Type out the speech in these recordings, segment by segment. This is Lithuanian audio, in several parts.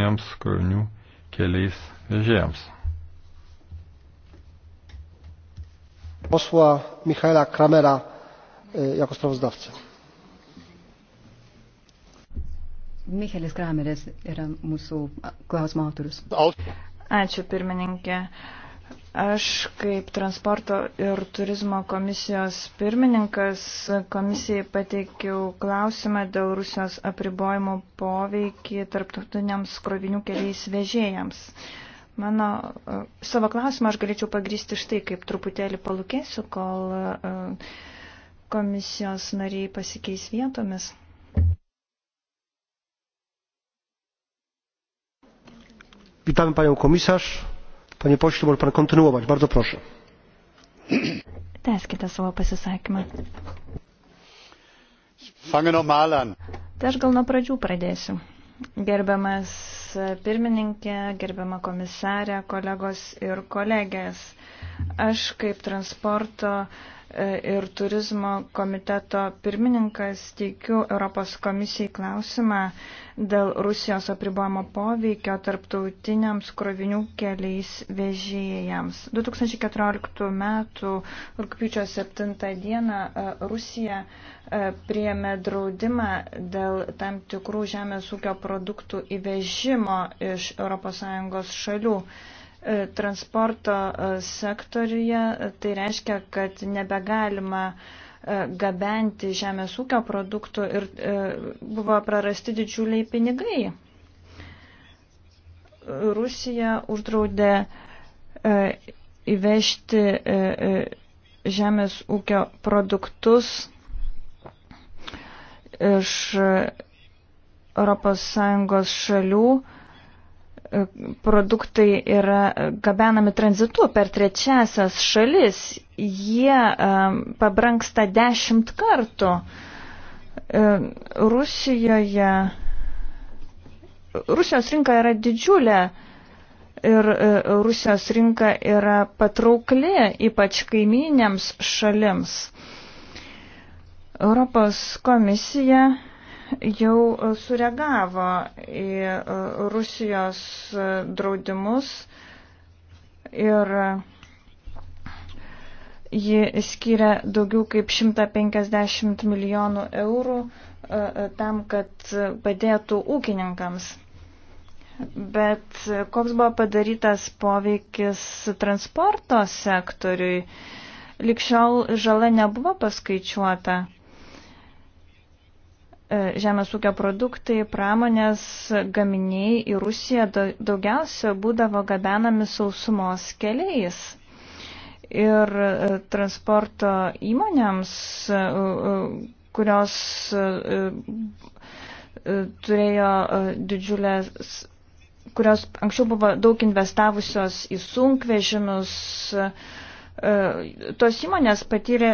tarptautiniams krovinių keliais vežėjams. Posła Michaela Kramera e, jako sprawozdawcy. Michaelis Krameris yra mūsų klausimo autorius. Ačiū pirmininkė. Aš kaip transporto ir turizmo komisijos pirmininkas komisijai pateikiau klausimą dėl Rusijos apribojimų poveikį tarptautiniams krovinių keliais vežėjams. Mano e, savo klausimą aš galėčiau pagrysti štai, kaip truputėlį palūkėsiu, kol e, komisijos nariai pasikeis vietomis. Witam panią komisarz. Panie pośle, może pan kontynuować. Bardzo proszę. Tęskite savo pasisakymą. Tai aš gal nuo pradžių pradėsiu. Gerbiamas pirmininkė, gerbiama komisarė, kolegos ir kolegės. Aš kaip transporto uh, ir turizmo komiteto pirmininkas, teikiu Europos komisijai klausimą dėl Rusijos apribojimo poveikio tarptautiniams krovinių keliais vežėjams. 2014 m. rūpiučio 7 d. E, Rusija e, priėmė draudimą dėl tam tikrų žemės ūkio produktų įvežimo iš ES šalių. E, transporto e, sektoriuje, e, tai reiškia, kad nebegalima gabenti žemės ūkio produktų ir buvo prarasti didžiuliai pinigai. Rusija uždraudė įvežti žemės ūkio produktus iš ES šalių produktai yra gabenami tranzitu per trečiasias šalis, jie e, pabranksta dešimt kartų. E, Rusijoje, Rusijos rinka yra didžiulė ir e, Rusijos rinka yra patraukli, ypač kaiminėms šalims. Europos komisija jau e, sureagavo į e, Rusijos draudimus ir ji skiria daugiau kaip 150 milijonų eurų e, tam, kad padėtų ūkininkams. Bet koks buvo padarytas poveikis transporto sektoriui? Likščiol žala nebuvo paskaičiuota. E, žemės ūkio produktai, pramonės gaminiai į Rusiją daugiausia būdavo gabenami sausumos keliais. Ir e, transporto įmonėms, e, kurios turėjo didžiulės kurios anksčiau buvo daug investavusios į sunkvežimius, tos įmonės patyrė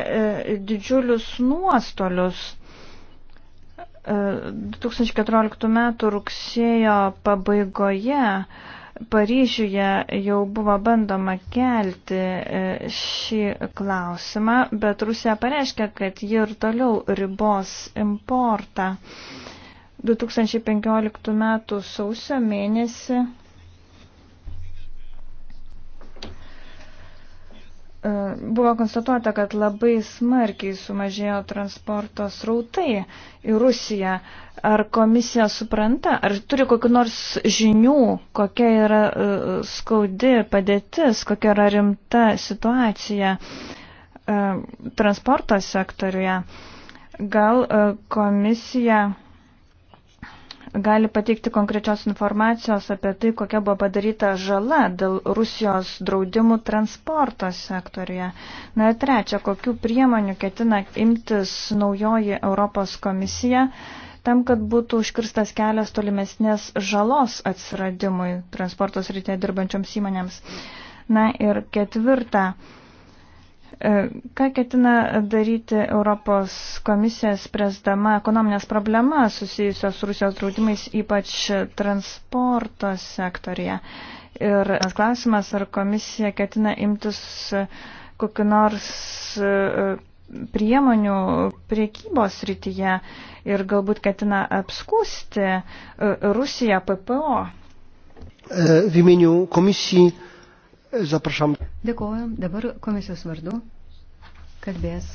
didžiulius nuostolius. 2014 m. rugsėjo pabaigoje Paryžiuje jau buvo bandoma kelti e, šį klausimą, bet Rusija pareiškia, kad ji ir toliau ribos importą. 2015 m. sausio mėnesį E, buvo konstatuota, kad labai smarkiai sumažėjo transporto srautai į Rusiją. Ar komisija supranta, ar turi kokiu nors žinių, kokia yra e, skaudi padėtis, kokia yra rimta situacija e, transporto sektoriuje? Gal komisija gali pateikti konkrečios informacijos apie tai, kokia buvo padaryta žala dėl Rusijos draudimų transporto sektoriuje. Na ir trečia, kokių priemonių ketina imtis naujoji Europos komisija tam, kad būtų užkirstas kelias tolimesnės žalos atsiradimui transportos rytėje dirbančioms įmonėms. Na ir ketvirta, E, ką ketina daryti Europos komisija spręsdama ekonominės problemas susijusios su Rusijos draudimais, ypač transporto sektorija? Ir klausimas, ar komisija ketina imtis kokiu nors e, priemonių priekybos rytyje ir galbūt ketina apskūsti e, Rusiją PPO? W imieniu komisji Zapraszam. Dėkuoju. Dabar komisijos vardu kalbės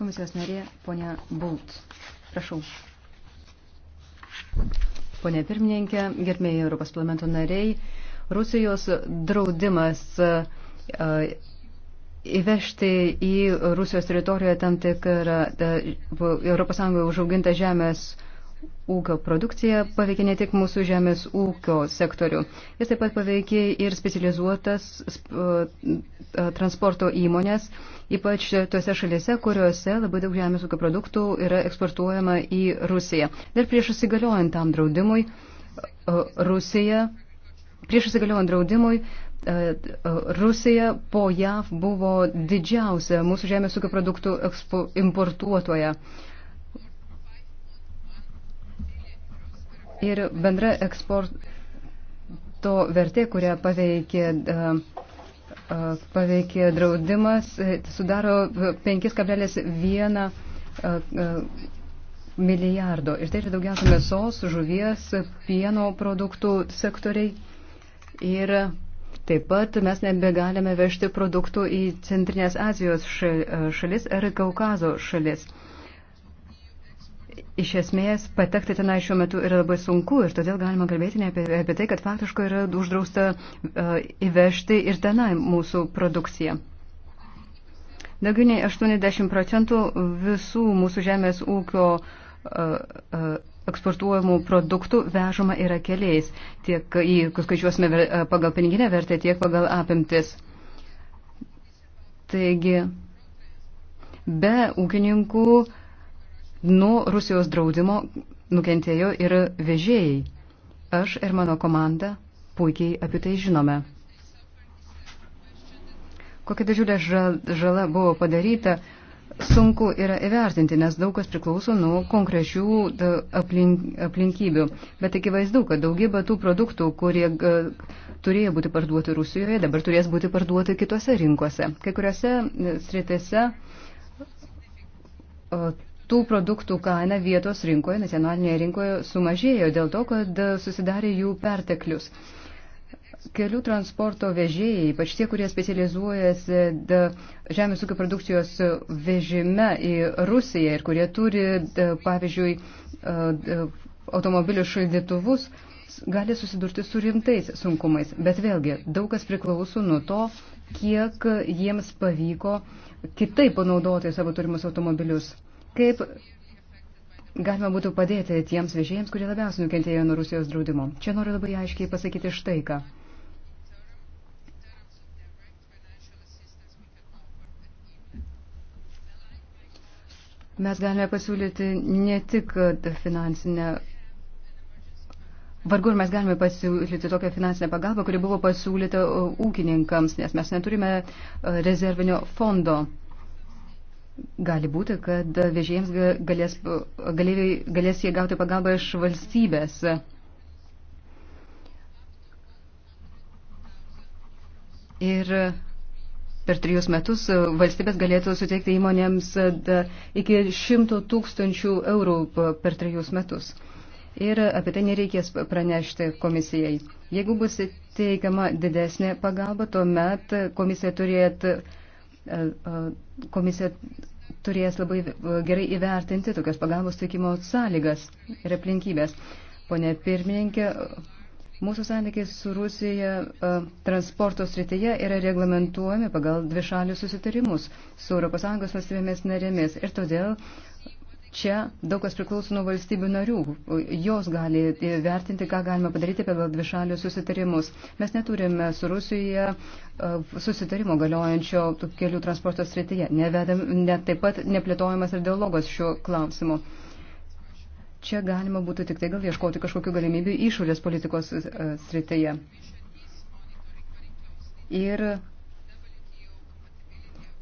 komisijos narė ponia Bult. Prašau. Pone pirmininkė, gerbėjai Europos parlamento nariai, Rusijos draudimas e, įvežti į Rusijos teritoriją tam tikrą ES užaugintą žemės ūkio produkcija paveikė ne tik mūsų žemės ūkio sektorių, jis taip pat paveikė ir specializuotas transporto įmonės, ypač tose šalise, kuriuose labai daug žemės ūkio produktų yra eksportuojama į Rusiją. Dar prieš įsigaliojant tam draudimui, Rusija, prieš įsigaliojant draudimui, Rusija po JAV buvo didžiausia mūsų žemės ūkio produktų importuotoja. ir bendra eksporto vertė, kurią paveikė, paveikė draudimas, e, sudaro 5,1 milijardo. Ir tai yra daugiausia mėsos, žuvies, pieno produktų sektoriai. Ir taip pat mes nebegalime vežti produktų į Centrinės Azijos šalis ar Kaukazo šalis. Iš esmės, patekti tenai šiuo metu yra labai sunku ir todėl galima kalbėti ne apie, apie tai, kad faktiškai yra uždrausta uh, įvežti ir tenai mūsų produkciją. Daugiau nei 80 procentų visų mūsų žemės ūkio uh, uh, eksportuojamų produktų vežama yra keliais, tiek į, skaičiuosime pagal piniginę vertę, tiek pagal apimtis. Taigi, be ūkininkų uh, Nuo Rusijos draudimo nukentėjo ir vežėjai. Aš ir mano komanda puikiai apie tai žinome. Kokia didžiulė žala buvo padaryta, sunku yra įvertinti, nes daug kas priklauso nuo konkrečių aplink, aplinkybių. Bet akivaizdu, kad daugybė tų produktų, kurie turėjo būti parduoti Rusijoje, dabar turės būti parduoti kitose rinkose. Kai kuriuose e, sritėse tų produktų kaina vietos rinkoje, nacionalinėje rinkoje sumažėjo dėl to, kad susidarė jų perteklius. Kelių transporto vežėjai, ypač tie, kurie specializuojasi žemės ūkio produkcijos vežime į Rusiją ir kurie turi, pavyzdžiui, automobilių šaldytuvus, gali susidurti su rimtais sunkumais. Bet vėlgi, daug kas priklauso nuo to, kiek jiems pavyko kitaip panaudoti savo turimus automobilius. Kaip galima būtų padėti tiems vežėjams, kurie labiausiai nukentėjo nuo Rusijos draudimo? Čia noriu labai aiškiai pasakyti štai ką. Mes galime pasiūlyti ne tik finansinę Vargu ar mes galime pasiūlyti tokią finansinę pagalbą, kuri buvo pasiūlyta uh, ūkininkams, nes mes neturime uh, rezervinio fondo. Gali būti, kad vežėjams galės, galėjai, galės jie gauti pagalbą iš valstybės. Ir per trijus metus valstybės galėtų suteikti įmonėms iki šimto tūkstančių eurų per trijus metus. Ir apie tai nereikės pranešti komisijai. Jeigu bus teikiama didesnė pagalba, tuomet komisija turėtų komisija turės labai e, gerai įvertinti tokios pagalbos teikimo sąlygas ir aplinkybės. Pone pirmininkė, mūsų santykiai su Rusija e, transporto srityje yra reglamentuojami pagal dvišalius susitarimus su ES valstybėmis narėmis ir todėl Čia daug kas priklauso nuo valstybių narių. Jos gali vertinti, ką galima padaryti pagal dvišalius susitarimus. Mes neturime su Rusija e, susitarimo galiojančio kelių transporto srityje. Nevedam, net taip pat neplėtojamas ir dialogas šiuo klausimu. Čia galima būtų tik tai gal ieškoti kažkokių galimybių išorės politikos e, srityje. Ir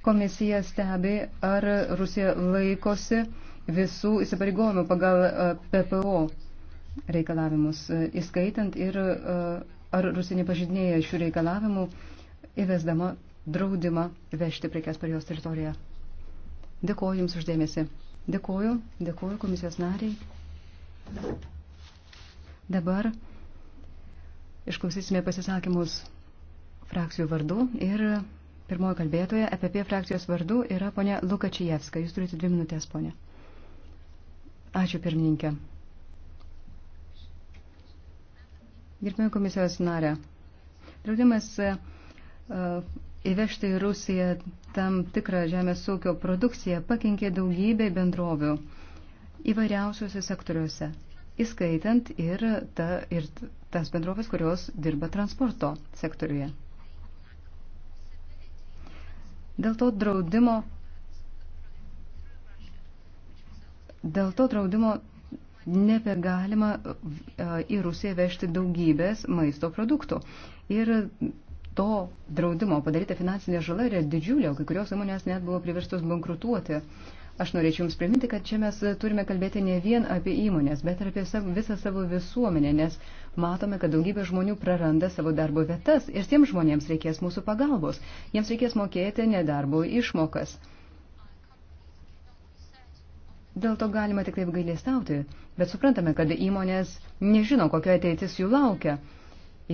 komisija stebi, ar Rusija laikosi visų įsipareigojimų pagal e, PPO reikalavimus, e, įskaitant ir e, ar Rusija nepažydinėja šių reikalavimų įvesdama draudimą vežti prekes per jos teritoriją. Dėkuoju Jums uždėmesi. Dėkuoju, dėkuoju komisijos nariai. Dabar išklausysime pasisakymus frakcijų vardų ir pirmoji kalbėtoja EPP frakcijos vardu yra ponia Lukačijevska. Jūs turite dvi minutės, ponia. Ačiū pirmininkė. Gerbėjau komisijos narę. Draudimas e, įvežti į Rusiją tam tikrą žemės ūkio produkciją pakenkė daugybė bendrovių įvairiausiuose sektoriuose, įskaitant ir, ta, ir tas bendrovės, kurios dirba transporto sektoriuje. Dėl to draudimo Dėl to draudimo nebegalima e, į Rusiją vežti daugybės maisto produktų. Ir to draudimo padaryta finansinė žala yra didžiulė, o kai kurios įmonės net buvo priverstos bankrutuoti. Aš norėčiau Jums priminti, kad čia mes turime kalbėti ne vien apie įmonės, bet ir apie savo, visą savo visuomenę, nes matome, kad daugybė žmonių praranda savo darbo vietas ir tiems žmonėms reikės mūsų pagalbos. Jiems reikės mokėti nedarbo išmokas. Dėl to galima tik taip gailėstauti, bet suprantame, kad įmonės nežino, kokia ateitis jų laukia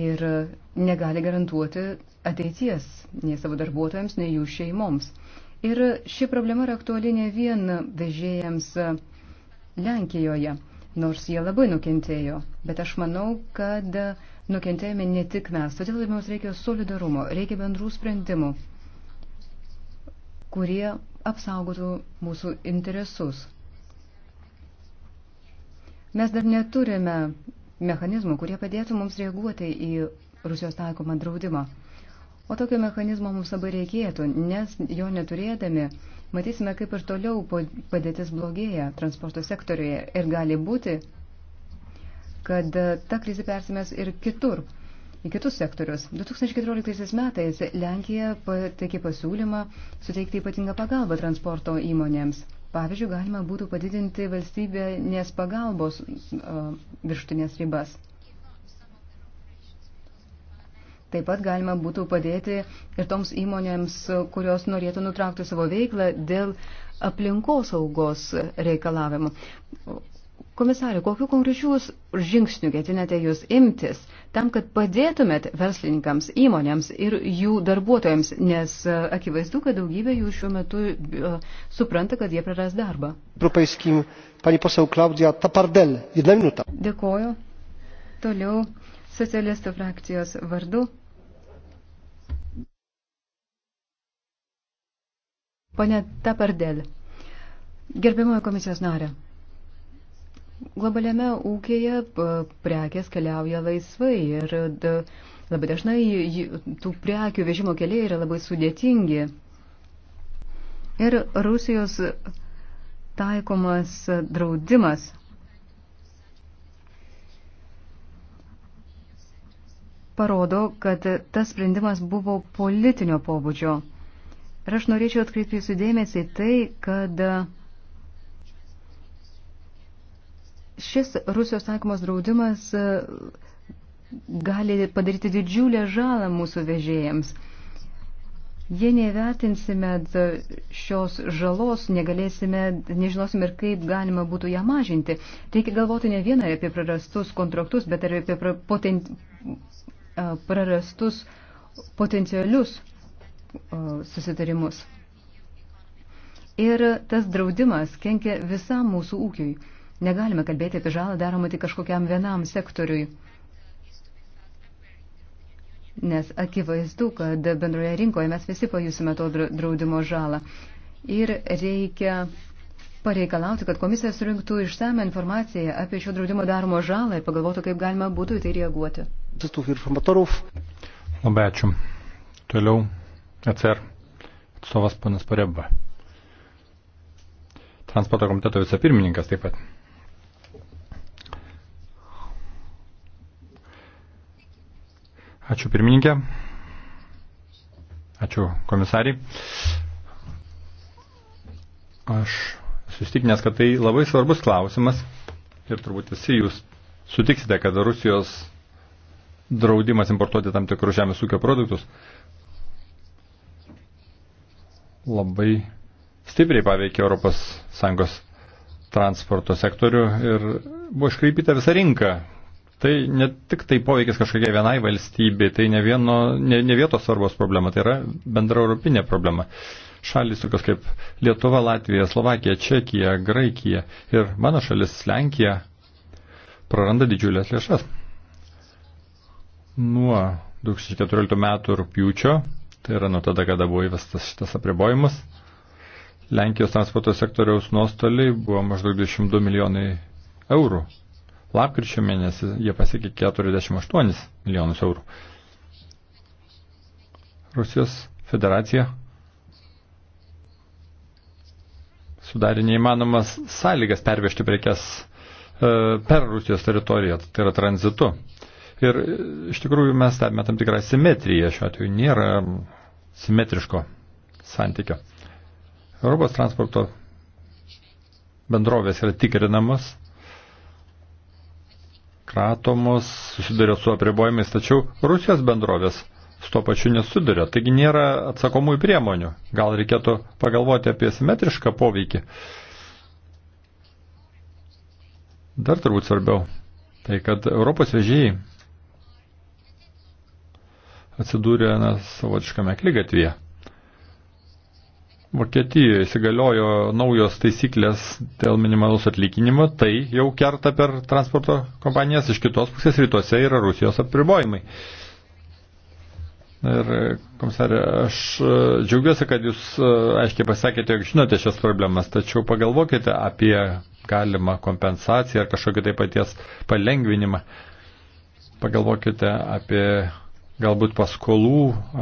ir negali garantuoti ateities nei savo darbuotojams, nei jų šeimoms. Ir ši problema yra aktuali ne vien vežėjams Lenkijoje, nors jie labai nukentėjo, bet aš manau, kad nukentėjome ne tik mes, todėl mums reikia solidarumo, reikia bendrų sprendimų, kurie apsaugotų mūsų interesus. Mes dar neturime mechanizmų, kurie padėtų mums reaguoti į Rusijos taikomą draudimą. O tokio mechanizmo mums labai reikėtų, nes jo neturėdami matysime, kaip ir toliau padėtis blogėja transporto sektoriuje ir gali būti, kad e, ta krizė persimės ir kitur, į kitus sektorius. 2014 metais Lenkija pateikė pasiūlymą suteikti ypatingą pagalbą transporto įmonėms. Pavyzdžiui, galima būtų padidinti valstybės pagalbos virštinės ribas. Taip pat galima būtų padėti ir toms įmonėms, kurios norėtų nutraukti savo veiklą dėl aplinkosaugos reikalavimų. Komisarė, kokiu konkrečių žingsnių ketinate jūs imtis tam, kad padėtumėt verslininkams, įmonėms ir jų darbuotojams, nes e, akivaizdu, kad daugybė jų šiuo metu e, supranta, kad jie praras darbą. Dėkoju. Toliau socialistų frakcijos vardu. Pane Tapardel, gerbimoji komisijos narė globaliame ūkėje prekės keliauja laisvai ir labai dažnai tų prekių vežimo keliai yra labai sudėtingi. Ir Rusijos taikomas draudimas parodo, kad tas sprendimas buvo politinio pobūdžio. Ir aš norėčiau atkreipti jūsų dėmesį tai, kad šis Rusijos taikomas draudimas e, gali padaryti didžiulę žalą mūsų vežėjams. Jei nevertinsime šios žalos, negalėsime, nežinosime ir kaip galima būtų ją mažinti. Reikia galvoti ne vieną apie prarastus kontraktus, bet ir apie poten, prarastus potencialius susitarimus. Ir tas draudimas kenkia visam mūsų ūkiui. Negalime kalbėti apie žalą daromą tik kažkokiam vienam sektoriui. Nes akivaizdu, kad bendroje rinkoje mes visi pajusime to draudimo žalą. Ir reikia pareikalauti, kad komisija surinktų išsame informaciją apie šio draudimo daromo žalą ir pagalvotų, kaip galima būtų į tai reaguoti. Labai ačiū. Toliau ECR atstovas panas Pareba. Transporto komiteto vicepirmininkas taip pat. Ačiū pirmininkė. Ačiū komisariai. Aš sustiknęs, kad tai labai svarbus klausimas ir turbūt visi jūs sutiksite, kad Rusijos draudimas importuoti tam tikrus žemės ūkio produktus labai stipriai paveikė ES transporto sektorių ir buvo iškreipyta visa rinka Tai ne tik tai poveikis kažkokiai vienai valstybei, tai ne, vieno, ne, ne vietos svarbos problema, tai yra bendra europinė problema. Šalis tokios kaip Lietuva, Latvija, Slovakija, Čekija, Graikija ir mano šalis Lenkija praranda didžiulės lėšas. Nuo 2014 metų rūpjūčio, tai yra nuo tada, kada buvo įvestas šitas apribojimas, Lenkijos transporto sektoriaus nuostoliai buvo maždaug 22 milijonai eurų. Lapkričio mėnesį jie pasiekė 48 milijonus eurų. Rusijos federacija sudarė neįmanomas sąlygas pervežti prekes e, per Rusijos teritoriją, tai yra tranzitu. Ir e, iš tikrųjų mes stebime tam tikrą simetriją, šiuo atveju nėra simetriško santykio. Europos transporto bendrovės yra tikrinamos kratomos, susiduria su apribojimais, tačiau Rusijos bendrovės su to pačiu nesuduria. Taigi nėra atsakomųjų priemonių. Gal reikėtų pagalvoti apie simetrišką poveikį. Dar turbūt svarbiau, tai kad Europos vežėjai atsidūrė na, savotiškame klygatvėje. Vokietijoje įsigaliojo naujos taisyklės dėl minimalus atlyginimo, tai jau kerta per transporto kompanijas, iš kitos pusės rytuose yra Rusijos apribojimai. Ir, komisarė, aš e, džiaugiuosi, kad jūs e, aiškiai pasakėte, jog žinote šias problemas, tačiau pagalvokite apie galimą kompensaciją ar kažkokį tai paties palengvinimą. Pagalvokite apie galbūt paskolų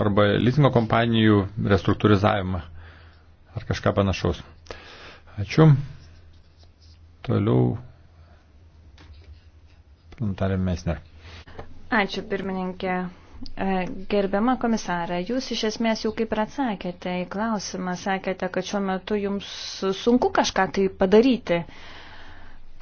arba leasingo kompanijų restruktūrizavimą ar kažką panašaus. Ačiū. Toliau. Plantarė Mesner. Ačiū, pirmininkė. E, gerbiama komisarė, jūs iš esmės jau kaip ir atsakėte į klausimą, sakėte, kad šiuo metu jums sunku kažką tai padaryti,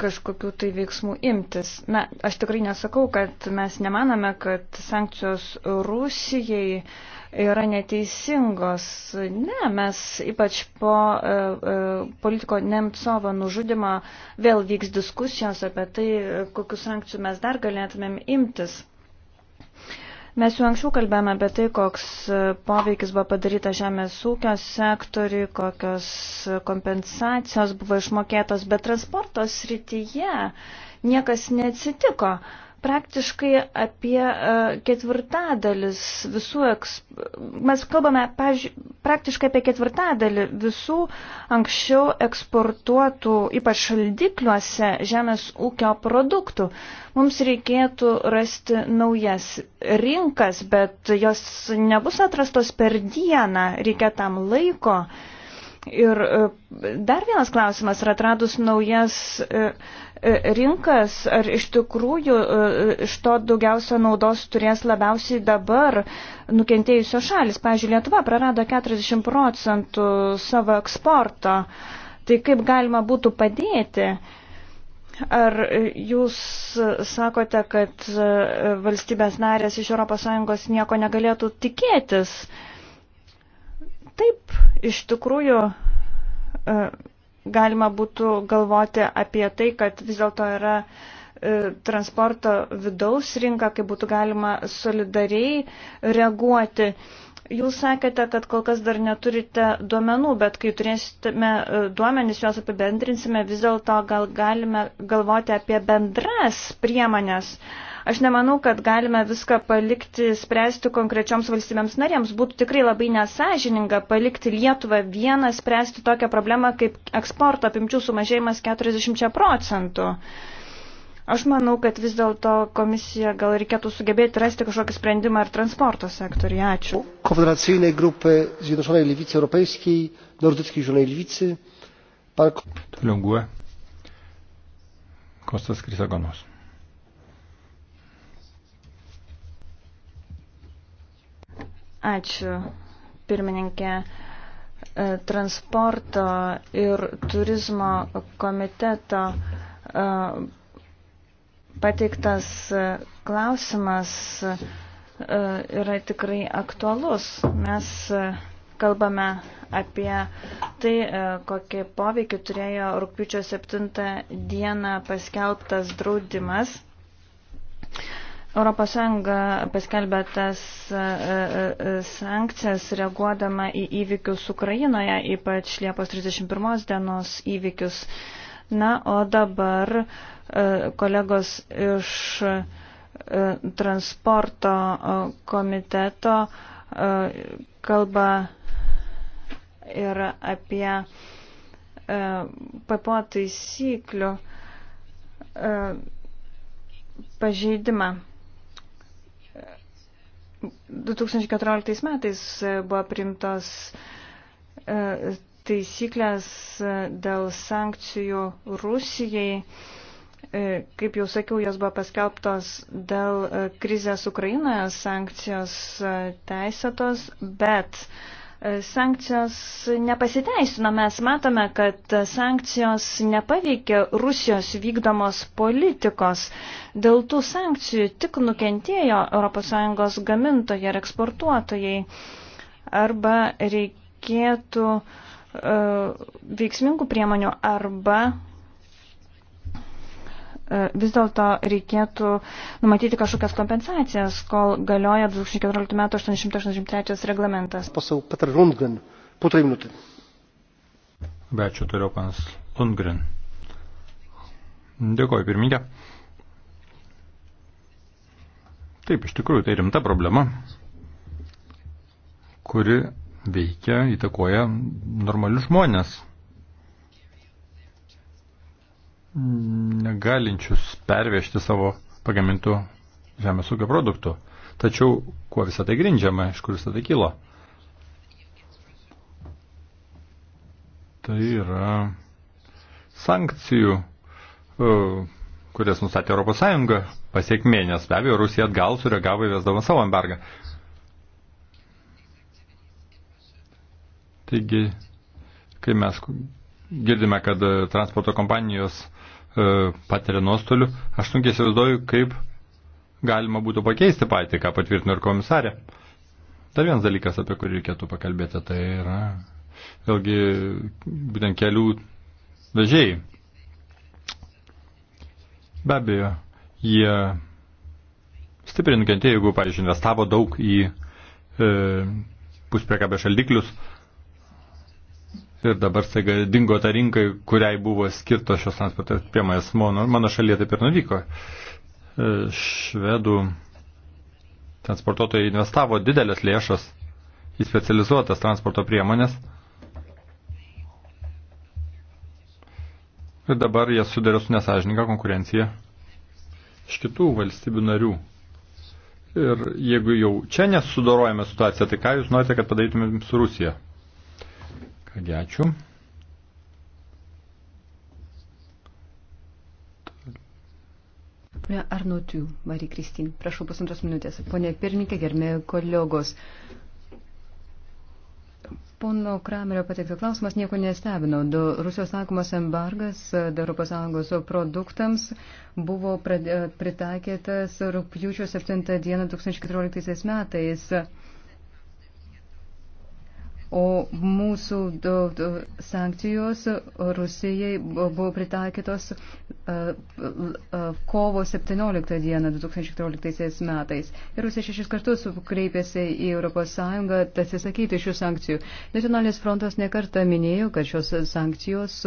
kažkokiu tai veiksmu imtis. Na, aš tikrai nesakau, kad mes nemaname, kad sankcijos Rusijai uh, yra neteisingos. Ne, mes ypač po e, e, politiko Nemcovo nužudimo vėl vyks diskusijos apie tai, kokius sankcijų mes dar galėtumėm imtis. Mes jau anksčiau kalbėjome apie tai, koks poveikis buvo padaryta žemės ūkio sektoriui, kokios kompensacijos buvo išmokėtos, bet transporto srityje niekas neatsitiko. Uh, praktiškai apie e, ketvirtadalis visų, eksp... mes kalbame, pavyzdžiui, praktiškai apie ketvirtadalį visų anksčiau eksportuotų, ypač šaldikliuose, žemės ūkio produktų. Mums reikėtų rasti naujas rinkas, bet jos nebus atrastos per dieną, reikia tam laiko. Uh, Ir e, dar vienas klausimas, ar atradus naujas e, e, rinkas, ar iš tikrųjų iš to daugiausia naudos turės labiausiai dabar nukentėjusios šalis. Pavyzdžiui, Lietuva prarado 40 procentų savo eksporto. Tai kaip galima būtų padėti? Ar jūs sakote, kad valstybės narės iš ES nieko negalėtų tikėtis? Uh, Taip, iš tikrųjų e, galima būtų galvoti apie tai, kad vis dėlto yra e, transporto vidaus rinka, kaip būtų galima solidariai reaguoti. Jūs sakėte, kad kol kas dar neturite duomenų, bet kai turėsime e, duomenys, juos apibendrinsime, vis dėlto gal galime galvoti apie bendras priemonės. Uh, Aš nemanau, kad galime viską palikti spręsti konkrečioms valstybėms narėms. Būtų tikrai labai nesažininga palikti Lietuvą vieną spręsti tokią problemą kaip eksporto apimčių sumažėjimas 40 procentų. Aš manau, kad vis dėlto komisija gal reikėtų sugebėti rasti kažkokį sprendimą ir transporto sektoriui. Ačiū. Konfederacyjnej grupy Zjednoczonej Lewicy Europejskiej, Nordyckiej Zielonej Lewicy. Pan... Toliau guė. Kostas Krisagonos. Ačiū, pirmininkė. E, transporto ir turizmo komiteto e, pateiktas klausimas e, yra tikrai aktualus. Mes kalbame apie tai, kokį poveikį turėjo rūpiučio 7 dieną paskelbtas draudimas ES paskelbė tas e, e, e, sankcijas reaguodama į įvykius Ukrainoje, ypač Liepos 31 dienos įvykius. Na, o dabar kolegos iš transporto komiteto kalba ir apie PPO taisyklių pažeidimą. 2014 metais buvo primtos e, taisyklės e, dėl sankcijų Rusijai. E, kaip jau sakiau, jos buvo paskelbtos dėl krizės Ukrainoje, sankcijos teisėtos, bet uh, Sankcijos nepasiteisino, mes matome, kad sankcijos nepaveikė Rusijos vykdomos politikos. Dėl tų sankcijų tik nukentėjo ES gamintojai ir eksportuotojai. Arba reikėtų uh, veiksmingų priemonių, arba E, vis dėlto reikėtų numatyti kažkokias kompensacijas, kol galioja 2014 m. 883 reglamentas. Pasau Petr Lundgren, po 3 minutį. Ačiū, turiu panas Lundgren. Dėkoju, pirmininkė. Taip, iš tikrųjų, tai rimta problema, kuri veikia, įtakoja normalius žmonės negalinčius pervežti savo pagamintų žemės ūkio produktų. Tačiau kuo visą tai grindžiama, iš kur visą tai kilo? Tai yra sankcijų, e, kurias nustatė ES pasiekmė, nes be abejo Rusija atgal sureagavo įvesdama savo embargą. Taigi, kai mes girdime, kad e, transporto kompanijos e, patiria nuostolių. Aš sunkiai įsivaizduoju, kaip galima būtų pakeisti patį, ką patvirtino ir komisarė. Dar vienas dalykas, apie kurį reikėtų pakalbėti, tai yra vėlgi būtent kelių vežėjai. Be abejo, jie stipriai nukentėjo, jeigu, pavyzdžiui, investavo daug į e, puspriekabę šaldiklius, ir dabar staiga dingo ta rinka, kuriai buvo skirtos šios transporto priemonės. Mano, mano šalyje taip ir nuvyko. E, švedų transportuotojai investavo didelės lėšas į specializuotas transporto priemonės. Ir dabar jie sudarė su nesažininką konkurenciją iš kitų valstybių narių. Ir jeigu jau čia nesudorojame situaciją, tai ką jūs norite, kad padarytumėm su Rusija? Kągi ačiū. Pone Arnotiu, Marija Kristin, prašau pusantros minutės. Pone pirmininkė, gerbėjai kolegos. Pono Kramerio pateiktas klausimas nieko nestebino. Du Rusijos sakomas embargas ES produktams buvo pritaikytas rūpjūčio 7 dieną 2014 metais. O mūsų do, do, sankcijos Rusijai buvo pritaikytos uh, uh, kovo 17 dieną 2014 metais. Ir Rusija šešis kartus kreipėsi į ES atsisakyti šių sankcijų. Nacionalinis frontas nekarta minėjo, kad šios sankcijos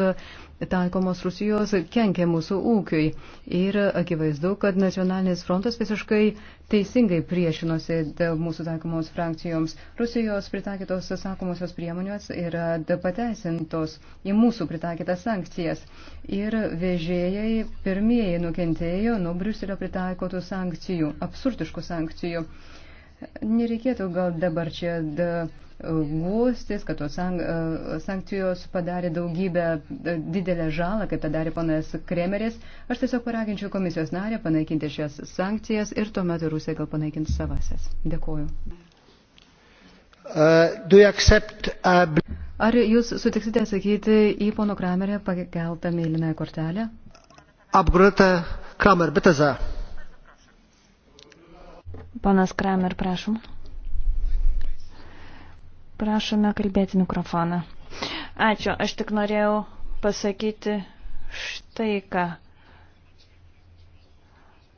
taikomos Rusijos kenkia mūsų ūkiui. Ir akivaizdu, kad Nacionalinis frontas visiškai teisingai priešinosi mūsų taikomoms frakcijoms. Rusijos pritaikytos sakomosios priemonės yra pateisintos į mūsų pritaikytas sankcijas. Ir vežėjai pirmieji nukentėjo nuo Briuselio pritaikytų sankcijų, absurdiškų sankcijų. Nereikėtų gal dabar čia. Da, guostis, kad tos e, sankcijos padarė daugybę e, didelę žalą, kaip tą darė ponas Kremeris. Aš tiesiog paraginčiau komisijos narę panaikinti šias sankcijas ir tuomet Rusija gal panaikins savasias. Dėkuoju. Uh, accept, uh... Ar jūs sutiksite atsakyti į pono Kramerį pakeltą mėlynąją kortelę? Apgrūta Kramer, biteza. Ponas Kramer, prašom. Prašome kalbėti mikrofoną. Ačiū. Aš tik norėjau pasakyti štai ką.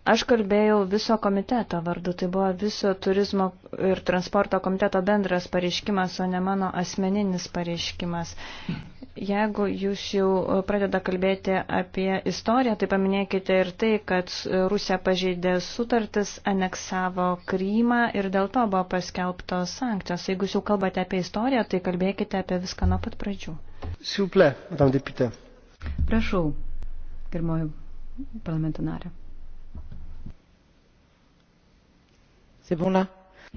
Aš kalbėjau viso komiteto vardu, tai buvo viso turizmo ir transporto komiteto bendras pareiškimas, o ne mano asmeninis pareiškimas. Jeigu jūs jau pradeda kalbėti apie istoriją, tai paminėkite ir tai, kad Rusija pažeidė sutartis, aneksavo Krymą ir dėl to buvo paskelbtos sankcijos. Jeigu jūs jau kalbate apie istoriją, tai kalbėkite apie viską nuo pat pradžių. Siuple, Prašau, pirmoji parlamento narė.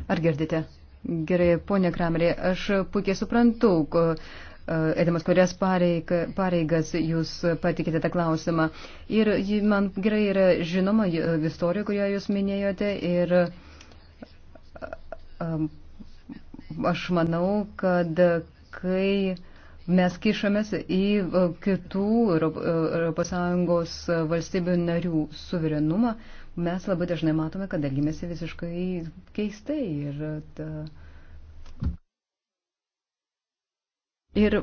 Ar girdite? Gerai, ponė Kramerė, aš puikiai suprantu, ko, edamas kurias pareig, pareigas jūs patikite tą klausimą. Ir man gerai yra žinoma e, istorija, kurią jūs minėjote. Ir e, e, aš manau, kad kai Mes kišamės į e, kitų ES e, e, valstybių narių suverenumą. Mes labai dažnai matome, kad dalymėsi visiškai keistai. Ir, ta... ir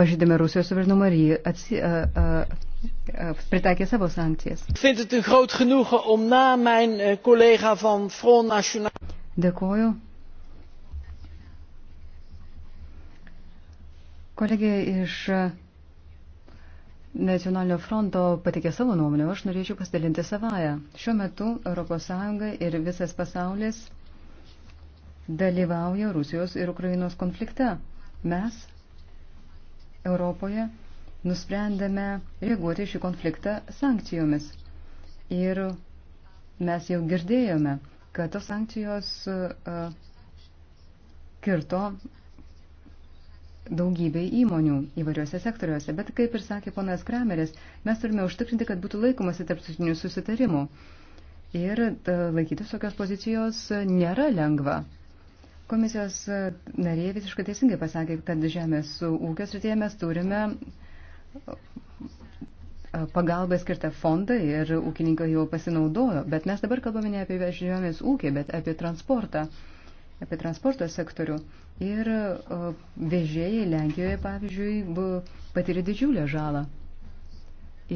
pažydėme Rusijos suverenumą ir jį atsi, a, a, a, pritaikė savo sankcijas. Dėkoju. Kolegė iš Nacionalinio fronto patikė savo nuomonę, aš norėčiau pasidalinti savąją. Šiuo metu ES ir visas pasaulis dalyvauja Rusijos ir Ukrainos konflikte. Mes Europoje nusprendėme reaguoti šį konfliktą sankcijomis. Ir mes jau girdėjome, kad tos sankcijos uh, kirto daugybei įmonių įvairiuose sektoriuose. Bet kaip ir sakė ponas Krameris, mes turime užtikrinti, kad būtų laikomasi tarptautinių susitarimų. Ir e, laikytis tokios pozicijos nėra lengva. Komisijos e, narė visiškai teisingai pasakė, kad žemės ūkio srityje mes turime e, pagalbą skirtą fondą ir ūkininkai jau pasinaudojo, bet mes dabar kalbame ne apie žemės ūkį, bet apie transportą apie transporto sektorių. Ir vežėjai Lenkijoje, pavyzdžiui, patyrė didžiulę žalą.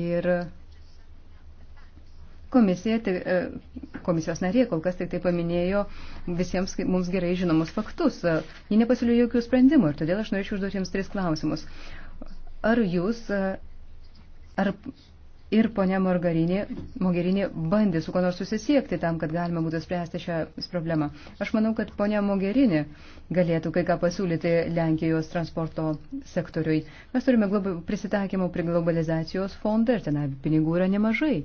Ir komisija, e, komisijos narė kol kas tik tai paminėjo visiems mums gerai žinomus faktus. Ji nepasiūlė jokių sprendimų ir todėl aš norėčiau užduoti jums tris klausimus. Ar jūs, e, ar ir ponia Mogerinė bandė su ko nors susisiekti tam, kad galima būtų spręsti šią problemą. Aš manau, kad ponia Mogerinė galėtų kai ką pasiūlyti Lenkijos transporto sektoriui. Mes turime prisitaikymo prie globalizacijos fondą ir tenai pinigų yra nemažai.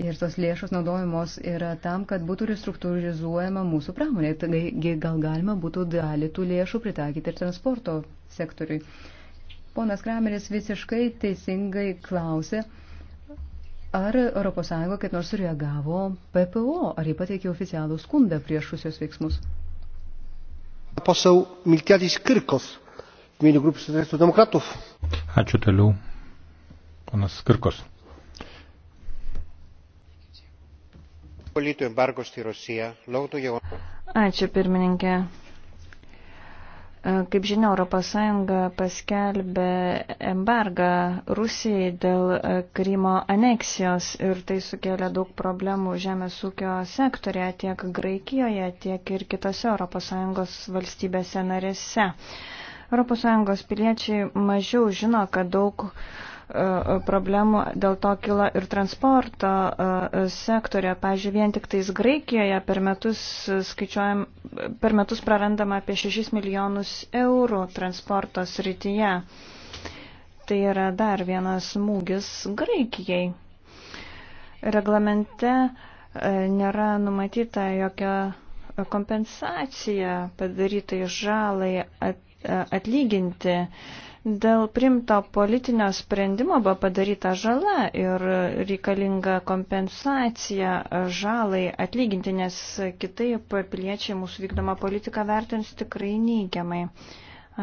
Ir tos lėšos naudojamos yra tam, kad būtų restruktūrizuojama mūsų pramonė. Taigi gal galima būtų dalį tų lėšų pritaikyti ir transporto sektoriui. Ponas Krameris visiškai teisingai klausė, Ar ES kaip nors reagavo PPO, ar jį pateikė oficialų skundą prieš Rusijos veiksmus? Poseu Miltiadis Kirkos, mėlynių grupės socialistų demokratų. Ačiū toliau, ponas Kirkos. Ačiū pirmininkė. Kaip žinia, ES paskelbė embargą Rusijai dėl e, Krymo aneksijos ir tai sukėlė daug problemų žemės ūkio sektorėje tiek Graikijoje, tiek ir kitose ES valstybėse narėse. ES piliečiai mažiau žino, kad daug E, problemų dėl to kilo ir transporto e, sektorė. Pavyzdžiui, vien tik tais Graikijoje per metus, skaičiuojam, per metus prarandama apie 6 milijonus eurų transporto srityje. Tai yra dar vienas smūgis Graikijai. Reglamente e, nėra numatyta jokia kompensacija padarytai žalai atlyginti Dėl primto politinio sprendimo buvo padaryta žala ir reikalinga kompensacija žalai atlyginti, nes kitaip piliečiai mūsų vykdomą politiką vertins tikrai neigiamai.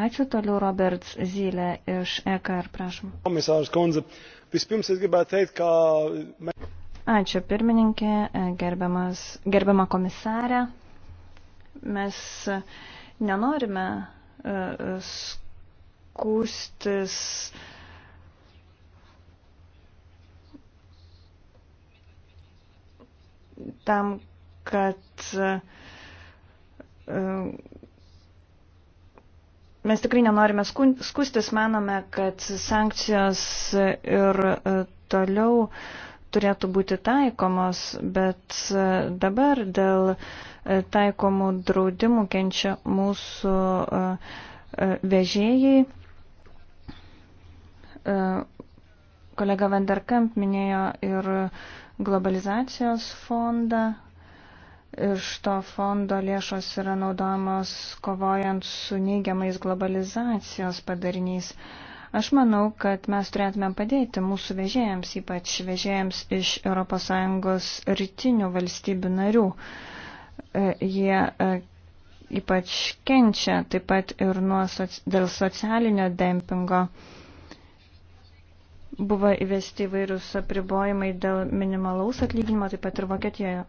Ačiū toliau Robert Zylė iš EKR, prašom. Komisaras Konze, vispirms jūs gribētu teikt, ką... Ačiū pirmininkė, gerbiamas, gerbiama komisarė. Mes nenorime uh, skūstis. Tam, kad um, mes tikrai nenorime skustis, manome, kad sankcijos ir e, toliau turėtų būti taikomos, bet e, dabar dėl e, taikomų draudimų kenčia mūsų vežėjai. E, kolega Vanderkamp minėjo ir globalizacijos fondą. Iš to fondo lėšos yra naudojamos kovojant su neigiamais globalizacijos padariniais. Aš manau, kad mes turėtume padėti mūsų vežėjams, ypač vežėjams iš ES rytinių valstybių narių. E, jie e, ypač kenčia taip pat ir nuo, dėl socialinio dempingo buvo įvesti įvairūs apribojimai dėl minimalaus atlyginimo, taip pat ir Vokietijoje.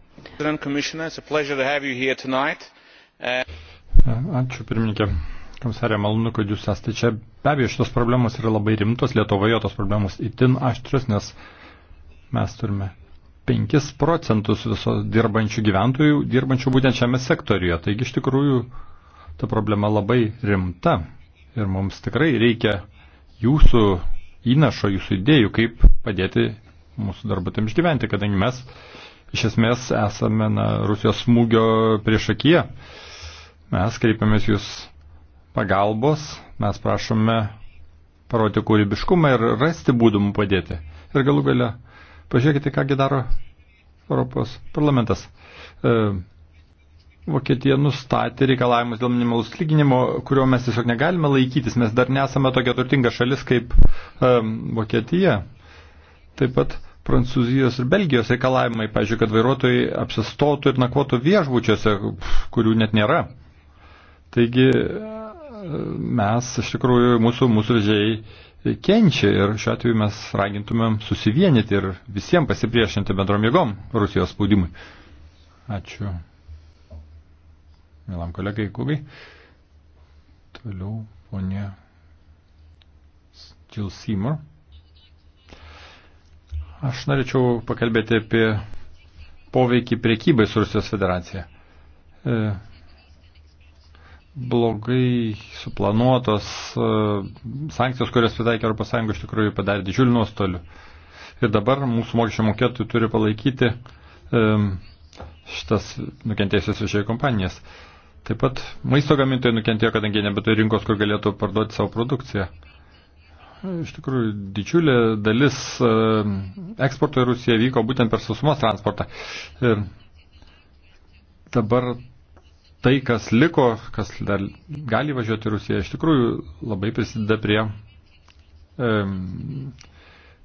Uh, Ačiū pirmininkė. Komisarė, malonu, kad jūs esate čia. Be abejo, šitos problemos yra labai rimtos. Lietuvoje tos problemos itin aštrios, nes mes turime 5 procentus viso dirbančių gyventojų, dirbančių būtent šiame sektoriuje. Taigi iš tikrųjų ta problema labai rimta ir mums tikrai reikia jūsų įnašo, jūsų idėjų, kaip padėti mūsų darbuotėms gyventi, kadangi mes iš esmės esame na, Rusijos smūgio prieš akiją. Mes kreipiamės jūs pagalbos, mes prašome parodyti kūrybiškumą ir rasti būdų mums padėti. Ir galų gale, pažiūrėkite, kągi daro Europos parlamentas. E, Vokietija nustatė reikalavimus dėl minimalus atlyginimo, kurio mes tiesiog negalime laikytis. Mes dar nesame tokia turtinga šalis kaip um, Vokietija. Taip pat Prancūzijos ir Belgijos reikalavimai, pažiūrėjau, kad vairuotojai apsistotų ir nakvotų viešbučiuose, kurių net nėra. Taigi mes iš tikrųjų mūsų, mūsų vežėjai kenčia ir šiuo atveju mes ragintumėm susivienyti ir visiems pasipriešinti bendrom jėgom Rusijos spaudimui. Ačiū mielam kolegai Gugai. Toliau ponė Jill Seymour. Aš norėčiau pakalbėti apie poveikį priekybai su Rusijos federacija. E, blogai suplanuotos e, sankcijos, kurias pritaikė Europos Sąjunga, iš tikrųjų padarė didžiulį nuostolių. Ir dabar mūsų mokesčio mokėtojų turi palaikyti e, šitas nukentėjusios viešai kompanijas. E, Taip pat maisto gamintojai nukentėjo, kadangi nebeturi rinkos, kur galėtų parduoti savo produkciją. Iš tikrųjų, didžiulė dalis e, eksporto į Rusiją vyko būtent per sausumos transportą. Ir e, dabar tai, kas liko, kas dar gali važiuoti į Rusiją, iš tikrųjų labai prisideda prie um,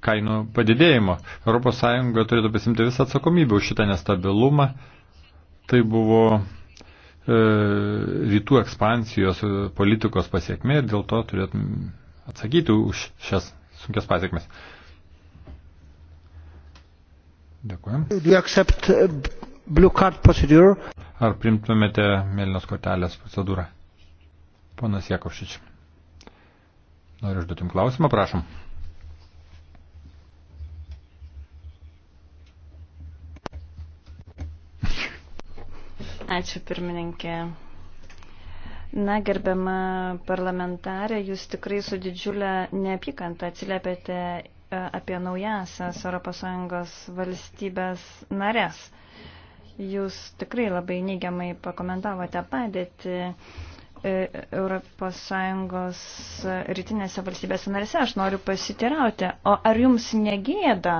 kainų padidėjimo. ES turėtų prisimti visą atsakomybę už šitą nestabilumą. Tai buvo E, rytų ekspansijos e, politikos pasiekmė ir dėl to turėtum atsakyti už šias sunkias pasiekmes. Dėkuoju. Uh, Ar primtumėte mėlynos kortelės procedūrą? Ponas Jakovšič. Noriu užduoti jums klausimą, prašom. Ačiū pirmininkė. Na, gerbiama parlamentarė, jūs tikrai su didžiulė neapykanta atsiliepėte e, apie naujasias ES valstybės narės. Jūs tikrai labai neigiamai pakomentavote padėtį e, ES rytinėse valstybėse narėse. Aš noriu pasitirauti, o ar jums negėda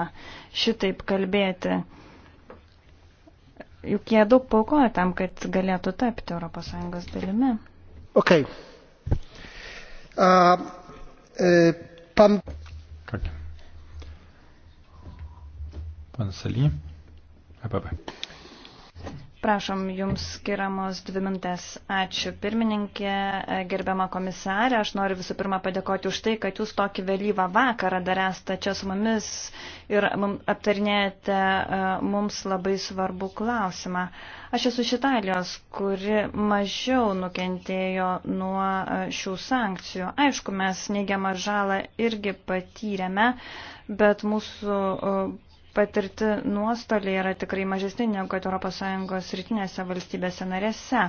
šitaip kalbėti? Juk jie daug paukojo tam, kad galėtų tapti ES dalimi. Ok. Uh, e, pan... Kągi. Pan Saly. APP. E Prašom, jums skiriamos dvi mintės. Ačiū. Pirmininkė, gerbiama komisarė, aš noriu visų pirma padėkoti už tai, kad jūs tokį vėlyvą vakarą dar esate čia su mumis ir aptarinėjate e, mums labai svarbų klausimą. Aš esu iš Italijos, kuri mažiau nukentėjo nuo e, šių sankcijų. Aišku, mes neigiamą žalą irgi patyrėme, bet mūsų e, patirti nuostoliai yra tikrai mažesni negu kad ES rytinėse valstybėse narėse.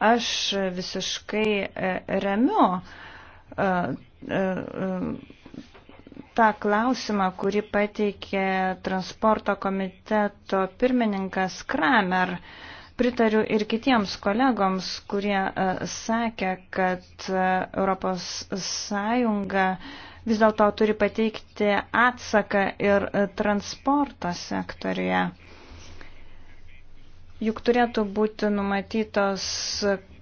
Aš visiškai e, remiu e, e, tą klausimą, kurį pateikė transporto komiteto pirmininkas Kramer. Pritariu ir kitiems kolegoms, kurie sakė, kad ES vis dėlto turi pateikti atsaką ir e, transporto sektoriuje. Juk turėtų būti numatytos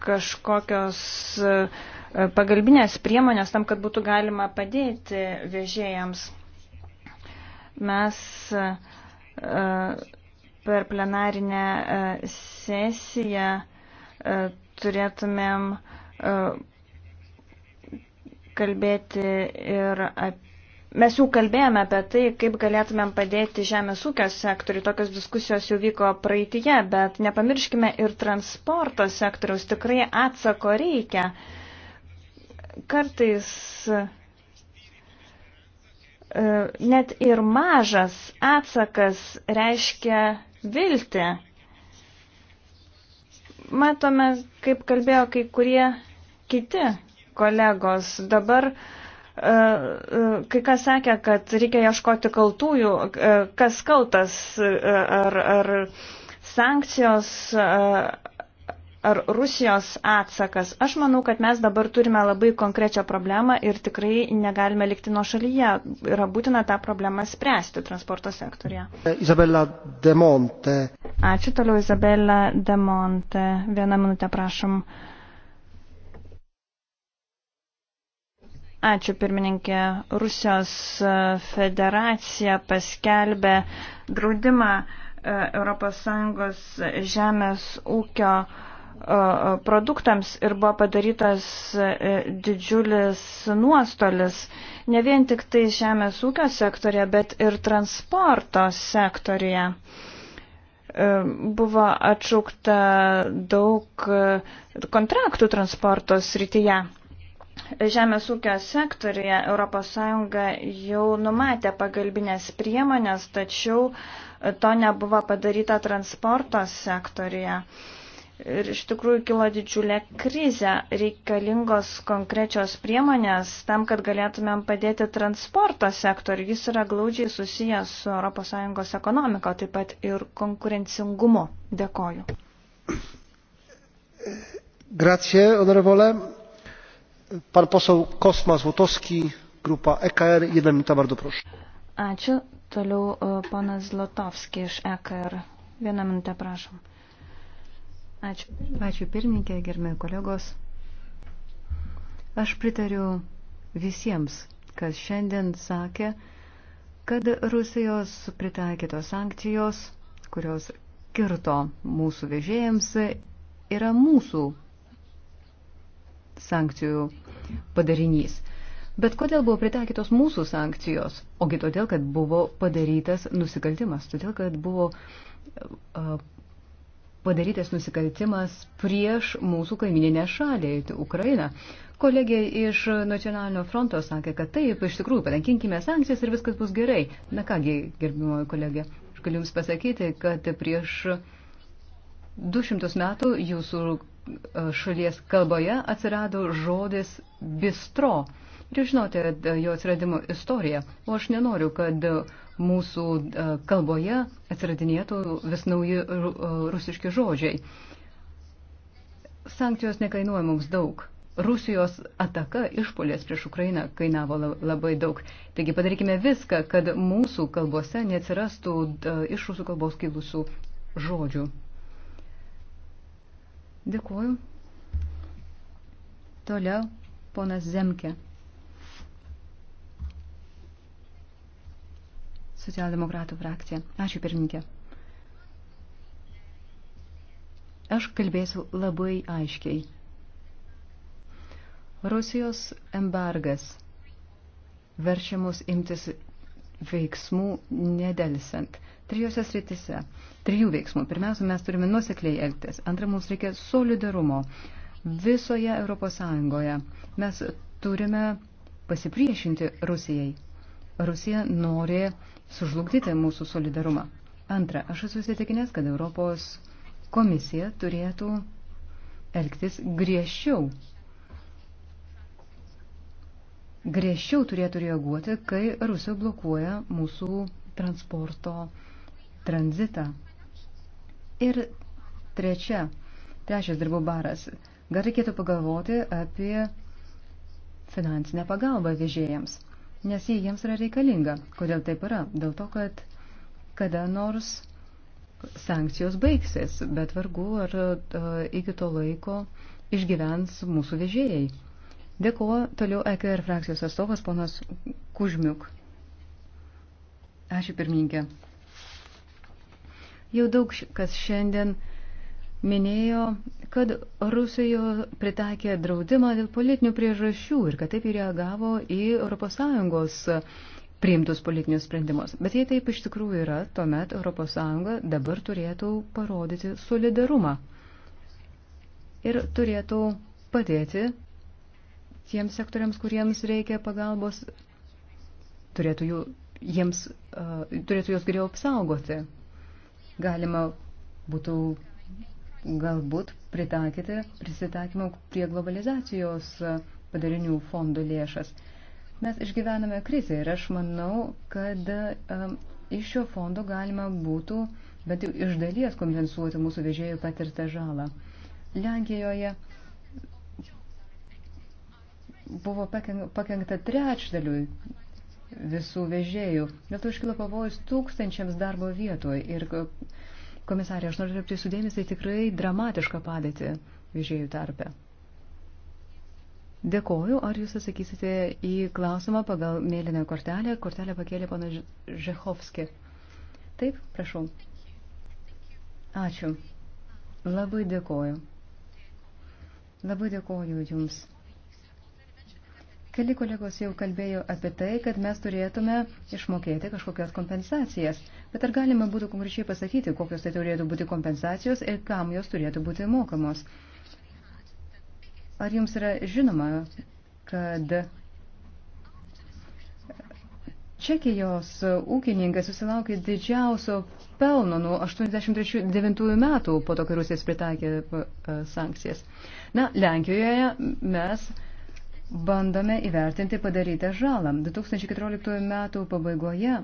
kažkokios e, pagalbinės priemonės tam, kad būtų galima padėti vežėjams. Mes e, per plenarinę sesiją turėtumėm kalbėti ir apie. Mes jau kalbėjome apie tai, kaip galėtumėm padėti žemės ūkio sektoriui. Tokios diskusijos jau vyko praeitie, bet nepamirškime ir transporto sektoriaus. Tikrai atsako reikia. Kartais e, net ir mažas atsakas reiškia viltį. Matome, kaip kalbėjo kai kurie kiti kolegos. Dabar e, e, kai kas sakė, kad reikia ieškoti kaltųjų, e, kas kaltas, ar, ar sankcijos, ar Rusijos atsakas. Aš manau, kad mes dabar turime labai konkrečią problemą ir tikrai negalime likti nuo šalyje. Yra būtina tą problemą spręsti transporto sektorija. Izabela Demonte. Ačiū toliau, Izabela Demonte. Vieną minutę prašom. Uh, Ačiū pirmininkė. Rusijos e, federacija paskelbė draudimą ES žemės ūkio e, produktams ir buvo padarytas e, didžiulis nuostolis ne vien tik tai žemės ūkio sektorė, bet ir transporto sektorėje buvo atšaukta daug kontraktų transporto srityje žemės ūkio sektorija ES jau numatė pagalbinės priemonės, tačiau to nebuvo padaryta transporto sektorija. Ir iš tikrųjų kilo didžiulė krizė, reikalingos konkrečios priemonės tam, kad galėtumėm padėti transporto sektoriui. Jis yra glaudžiai susijęs su ES ekonomika, taip pat ir konkurencingumu. Dėkoju. Grazie, onorevole. E Ačiū. Toliau e, ponas Zlotovski iš EKR. Vieną minutę prašom. Ačiū. Ačiū pirmininkė, gerbėjai kolegos. Aš pritariu visiems, kas šiandien sakė, kad Rusijos pritaikytos sankcijos, kurios kirto mūsų vežėjams, yra mūsų sankcijų padarinys. Bet kodėl buvo pritaikytos mūsų sankcijos? Ogi todėl, kad buvo padarytas nusikaltimas, todėl, kad buvo padarytas nusikaltimas prieš mūsų kaimininę šalį, tai Ukrainą. Kolegė iš Nacionalinio fronto sakė, kad taip, iš tikrųjų, patenkinkime sankcijas ir viskas bus gerai. Na kągi, gerbimoji kolegė, aš galiu Jums pasakyti, kad prieš 200 metų jūsų šalies kalboje atsirado žodis bistro. Ir žinote e, jo atsiradimo istoriją. O aš nenoriu, kad mūsų e, kalboje atsiradinėtų vis nauji e, rusiški žodžiai. Sankcijos nekainuoja mums daug. Rusijos ataka išpolės prieš Ukrainą kainavo labai daug. Taigi padarykime viską, kad mūsų kalbose neatsirastų iš rusų kalbos kilusių žodžių. Dėkuoju. Toliau ponas Zemke. Socialdemokratų frakcija. Ačiū pirmininkė. Aš kalbėsiu labai aiškiai. Rusijos embargas verčia mus imtis veiksmų nedelsant. Trijose sritise. Trijų veiksmų. Pirmiausia, mes turime nusekliai elgtis. Antra, mums reikia solidarumo. Visoje Europos Sąjungoje mes turime pasipriešinti Rusijai. Rusija nori sužlugdyti mūsų solidarumą. Antra, aš esu įsitikinęs, kad Europos komisija turėtų elgtis griežčiau griežčiau turėtų reaguoti, kai Rusija blokuoja mūsų transporto tranzitą. Ir trečia, trečias darbų baras. Gal reikėtų pagalvoti apie finansinę pagalbą vežėjams, nes jie jiems yra reikalinga. Kodėl taip yra? Dėl to, kad kada nors sankcijos baigsis, bet vargu ar e, iki to laiko išgyvens mūsų vežėjai. Dėkuoju toliau EKR frakcijos atstovas ponas Kužmiuk. Ačiū pirmininkė. Jau daug kas šiandien minėjo, kad Rusijoje pritaikė draudimą dėl politinių priežasčių ir kad taip įreagavo į ES priimtus politinius sprendimus. Bet jei taip iš tikrųjų yra, tuomet ES dabar turėtų parodyti solidarumą ir turėtų padėti tiems sektoriams, kuriems reikia pagalbos, turėtų, jų, jiems, uh, turėtų jos geriau apsaugoti. Galima būtų galbūt pritaikyti prisitaikymą prie globalizacijos padarinių fondo lėšas. Mes išgyvename krizę ir aš manau, kad um, iš šio fondo galima būtų bent jau iš dalies kompensuoti mūsų vežėjų patirtą žalą. Lenkijoje buvo pakengta trečdaliui visų vežėjų. Dėl to iškilo pavojus tūkstančiams darbo vietoje. Ir komisarė, aš noriu atkreipti sudėmesį tai tikrai dramatišką padėtį vežėjų tarpe. Dėkoju, ar jūs atsakysite į klausimą pagal mėlyną kortelę. Kortelę pakėlė pana Žehovski. Taip, prašau. Ačiū. Labai dėkoju. Labai dėkoju jums. Keli kolegos jau kalbėjo apie tai, kad mes turėtume išmokėti kažkokias kompensacijas. Bet ar galima būtų konkrečiai pasakyti, kokios tai turėtų būti kompensacijos ir kam jos turėtų būti mokamos? Ar jums yra žinoma, kad Čekijos ūkininkai susilaukė didžiausio pelno nuo 89 metų po to, kai Rusijas pritaikė e, sankcijas. Na, Lenkijoje mes bandome įvertinti padarytą žalą. 2014 metų pabaigoje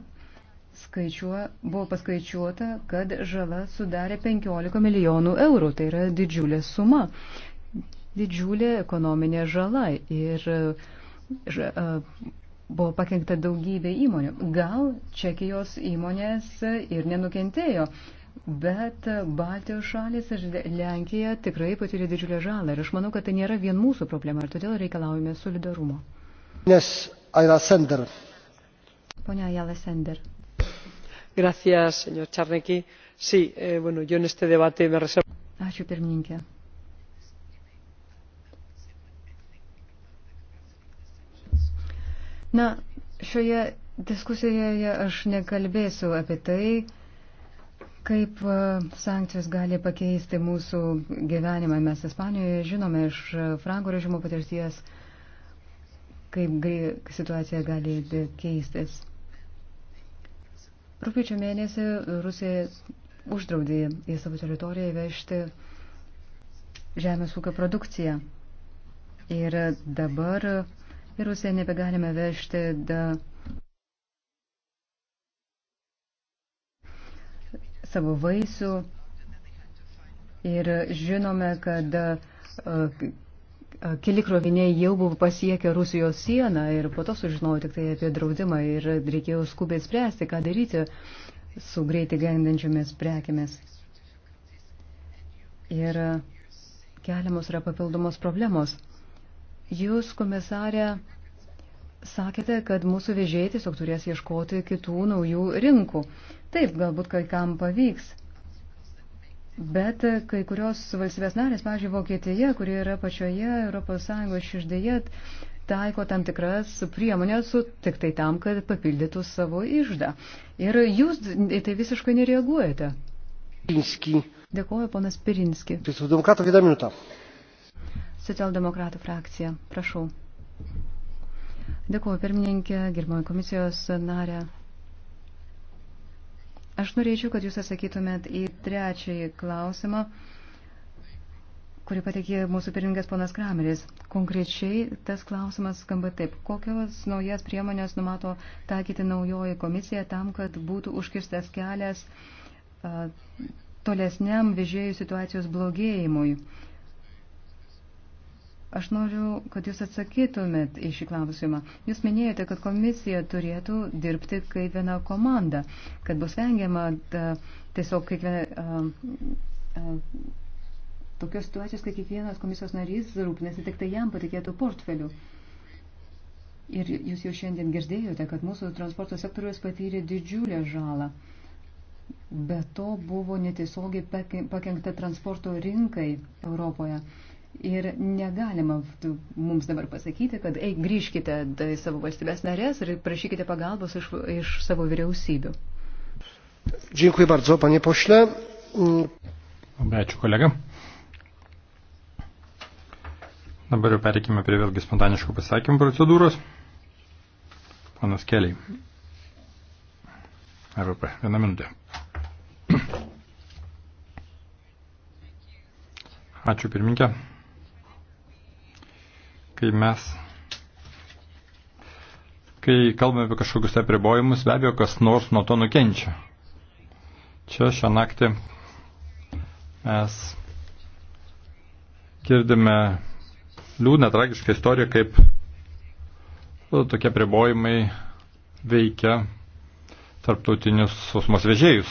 skaičiuo, buvo paskaičiuota, kad žala sudarė 15 milijonų eurų. Tai yra didžiulė suma, didžiulė ekonominė žala ir ž, a, buvo pakengta daugybė įmonių. Gal Čekijos įmonės ir nenukentėjo, Bet Baltijos šalis ir Lenkija tikrai patyrė didžiulę žalą ir aš manau, kad tai nėra vien mūsų problema ir todėl reikalaujame solidarumo. Nes Aila Sender. Ponia Aila Sender. Gracias, señor Charnecki. Sí, eh, bueno, yo en este debate me reservo. Ačiū pirmininkė. Na, šioje diskusijoje aš nekalbėsiu apie tai, Kaip e, sankcijos gali pakeisti mūsų gyvenimą? Mes Ispanijoje žinome iš Franko režimo patirties, kaip situacija gali keistis. Rūpiučio mėnesį Rusija uždraudė į savo teritoriją vežti žemės ūkio produkciją. Ir dabar į Rusiją nebegalime vežti da, savo vaisių ir žinome, kad e, keli kroviniai jau buvo pasiekę Rusijos sieną ir po to sužinojau tik tai apie draudimą ir reikėjo skubiai spręsti, ką daryti su greitai gendančiomis prekėmis. Ir keliamos yra papildomos problemos. Jūs, komisarė, sakėte, kad mūsų vežėjai tiesiog turės ieškoti kitų naujų rinkų. Taip, galbūt kai kam pavyks. Bet kai kurios valstybės narės, pavyzdžiui, Vokietija, kuri yra pačioje ES širdėje, taiko tam tikras priemonės tik tai tam, kad papildytų savo išdą. Ir jūs į tai visiškai nereaguojate. Pirinski. Dėkuoju, ponas Pirinski. Socialdemokratų vieną minutą. Socialdemokratų frakcija, prašau. Dėkuoju, pirmininkė, gerbimoji komisijos narė. Aš norėčiau, kad jūs atsakytumėt į trečiąjį klausimą, kurį patikė mūsų pirmingas ponas Krameris. Konkrečiai tas klausimas skamba taip. Kokios naujas priemonės numato taikyti naujoji komisija tam, kad būtų užkirstas kelias tolesniam vežėjų situacijos blogėjimui? Aš noriu, kad jūs atsakytumėt į šį klausimą. Jūs minėjote, kad komisija turėtų dirbti kaip viena komanda, kad bus vengiama tiesiog kiekviena. Tokios situacijos, kai kiekvienas komisijos narys rūpinasi tik tai jam patikėtų portfeliu. Ir jūs jau šiandien girdėjote, kad mūsų transporto sektorius patyrė didžiulę žalą. Be to buvo netiesiogiai pakengta transporto rinkai Europoje. Ir negalima mums dabar pasakyti, kad eik, grįžkite į savo valstybės narės ir prašykite pagalbos iš, iš savo vyriausybių. Dziękuję bardzo, panie pośle. Mm. Labai ačiū, kolega. Dabar jau pereikime prie vėlgi spontaniškų pasakymų procedūros. Panas Keliai. Arba vieną minutę. Ačiū pirminkė kai mes, kai kalbame apie kažkokius apribojimus, be abejo, kas nors nuo to nukenčia. Čia šią naktį mes girdime liūdną tragišką istoriją, kaip nu, tokie pribojimai veikia tarptautinius sausmos vežėjus.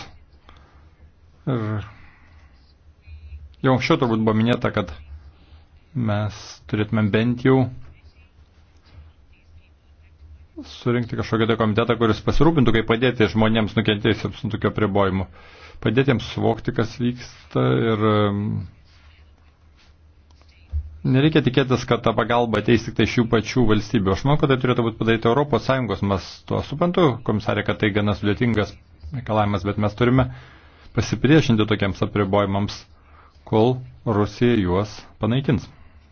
Ir jau anksčiau turbūt buvo minėta, kad mes turėtumėm bent jau surinkti kažkokią tai komitetą, kuris pasirūpintų, kaip padėti žmonėms nukentėjusiems nuo tokio pribojimo. Padėti jiems suvokti, kas vyksta ir um, nereikia tikėtis, kad ta pagalba ateis tik tai iš jų pačių valstybių. Aš manau, kad tai turėtų būti padaryti ES mastu. Aš suprantu, komisarė, kad tai gana sudėtingas reikalavimas, bet mes turime pasipriešinti tokiems apribojimams, kol Rusija juos panaikins.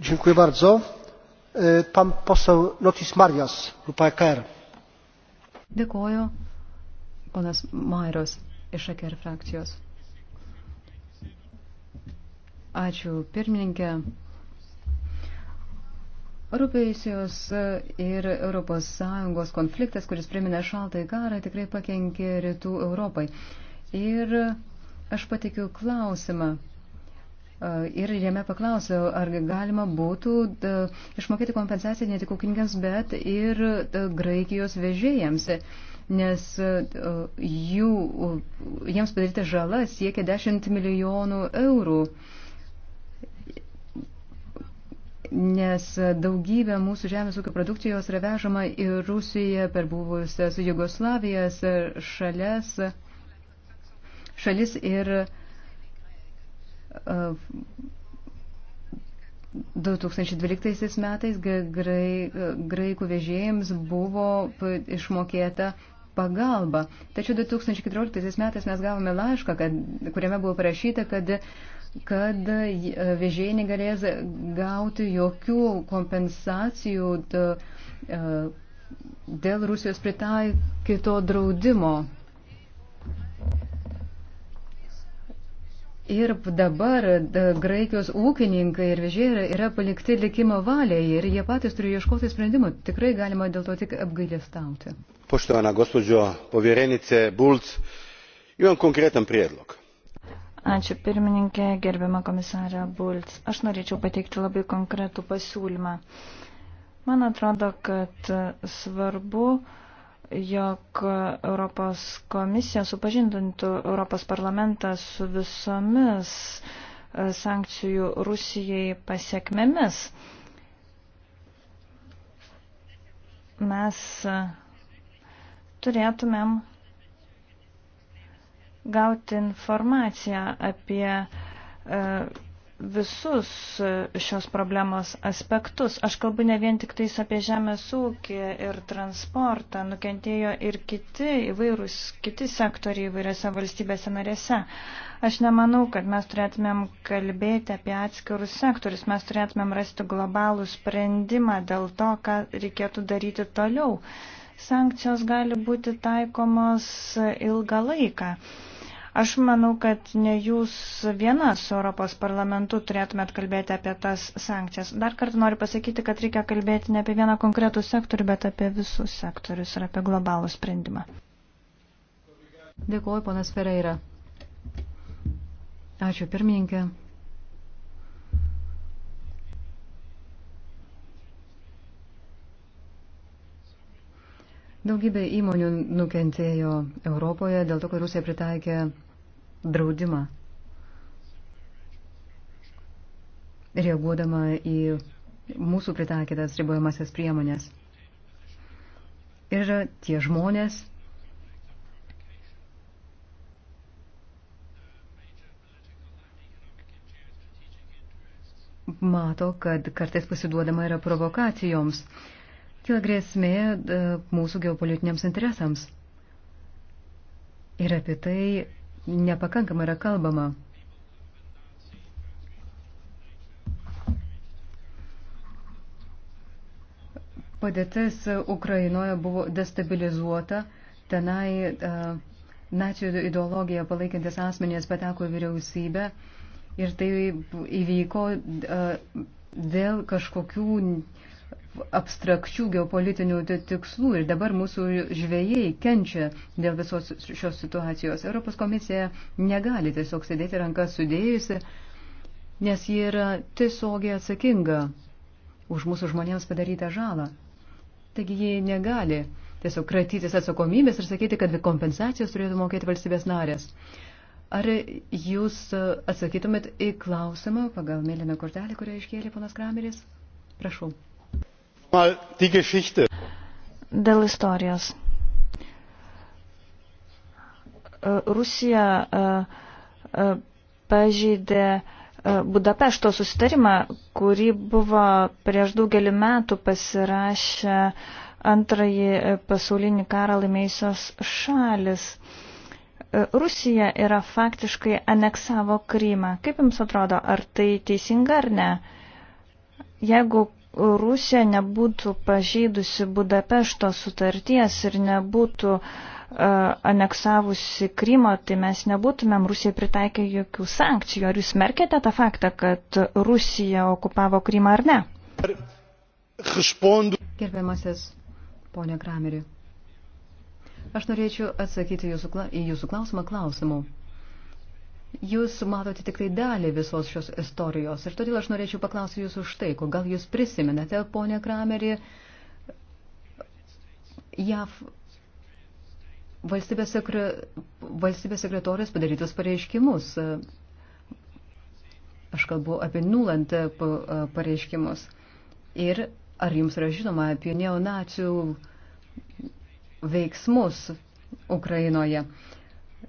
dziękuję bardzo. E, pan poseł notis marijas grupa ekr. dėkoju ponas mairos iš ekr frakcijos. ačiū pirmininkė. Rūpėjusios ir ES konfliktas, kuris primena šaltą į karą, tikrai pakenkė rytų Europai. Ir aš patikiu klausimą, E, ir jame paklausiau, ar galima būtų da, e, išmokėti kompensaciją ne tik ūkininkams, bet ir da, e, Graikijos vežėjams, nes da, jų, jiems padaryta žala siekia 10 milijonų eurų, nes daugybė mūsų žemės ūkio produkcijos yra vežama į Rusiją per buvusias Jugoslavijas šalies, šalis ir 2012 metais graikų vežėjams buvo išmokėta pagalba. Tačiau 2014 metais mes gavome laišką, kad, kuriame buvo parašyta, kad, kad e, vežėjai negalės gauti jokių kompensacijų e, dėl Rusijos pritaikyto draudimo Ir dabar da, graikijos ūkininkai ir vežėjai yra, yra palikti likimo valiai ir jie patys turi ieškoti sprendimų. Tikrai galima dėl to tik apgailestauti. Poštovana gospođo povjerenice Bulc, imam konkretan priedlog. Ačiū pirmininkė, gerbiama komisarė Bulc. Aš norėčiau pateikti labai konkretų pasiūlymą. Man atrodo, kad svarbu uh, jog Europos komisija supažindintų Europos parlamentą su visomis e, sankcijų Rusijai pasiekmėmis. Mes e, turėtumėm gauti informaciją apie e, visus e, šios problemos aspektus. Aš kalbu ne vien tik tais apie žemės ūkį ir transportą, nukentėjo ir kiti įvairūs, kiti sektoriai įvairiose valstybėse narėse. Aš nemanau, kad mes turėtumėm kalbėti apie atskirus sektorius, mes turėtumėm rasti globalų sprendimą dėl to, ką reikėtų daryti toliau. Sankcijos gali būti taikomos ilgą laiką. Aš manau, kad ne jūs viena su Europos parlamentu turėtumėt kalbėti apie tas sankcijas. Dar kartą noriu pasakyti, kad reikia kalbėti ne apie vieną konkretų sektorių, bet apie visus sektorius ir apie globalų sprendimą. Dėkuoju, ponas Fereira. Ačiū, pirmininkė. Daugybė įmonių nukentėjo Europoje dėl to, kad Rusija pritaikė draudimą, reaguodama į mūsų pritaikytas ribojamasias priemonės. Ir tie žmonės mato, kad kartais pasiduodama yra provokacijoms kyla grėsmė e, mūsų geopolitiniams interesams. Ir apie tai nepakankamai yra kalbama. Padėtis Ukrainoje buvo destabilizuota, tenai uh, nacijų ideologiją palaikantis asmenės pateko į vyriausybę ir tai įvyko uh, dėl kažkokių uh, abstrakčių geopolitinių tikslų ir dabar mūsų žvėjai kenčia dėl visos šios situacijos. Europos komisija negali tiesiog sėdėti rankas sudėjusi, nes ji yra tiesiogiai atsakinga už mūsų žmonėms padarytą žalą. Taigi ji negali tiesiog kratytis atsakomybės ir sakyti, kad kompensacijas turėtų mokėti valstybės narės. Ar jūs atsakytumėt į klausimą pagal mėlyną kortelę, kurią iškėlė ponas Krameris? Prašau. Dėl istorijos. E, Rusija e, e, pažeidė Budapešto susitarimą, kurį buvo prieš daugelį metų pasirašę antrąjį pasaulinį karą laimėjusios šalis. Rusija yra faktiškai aneksavo Krymą. Kaip Jums atrodo, ar tai teisinga ar ne? Jeigu Rusija nebūtų pažeidusi Budapešto sutarties ir nebūtų uh, aneksavusi Krymo, tai mes nebūtumėm Rusijai pritaikę jokių sankcijų. Ar jūs merkėte tą faktą, kad Rusija okupavo Krymą ar ne? Gerbiamasis ponė Krameri, aš norėčiau atsakyti jūsų, į jūsų klausimą klausimu. Jūs matote tik tai dalį visos šios istorijos ir todėl aš norėčiau paklausyti jūsų už tai, ko gal jūs prisimenate, ponė Kramerį, JAV valstybės, sekre, valstybės sekretorės padarytus pareiškimus. Aš kalbu apie Nuland pareiškimus. Ir ar jums yra žinoma apie neonacijų veiksmus Ukrainoje?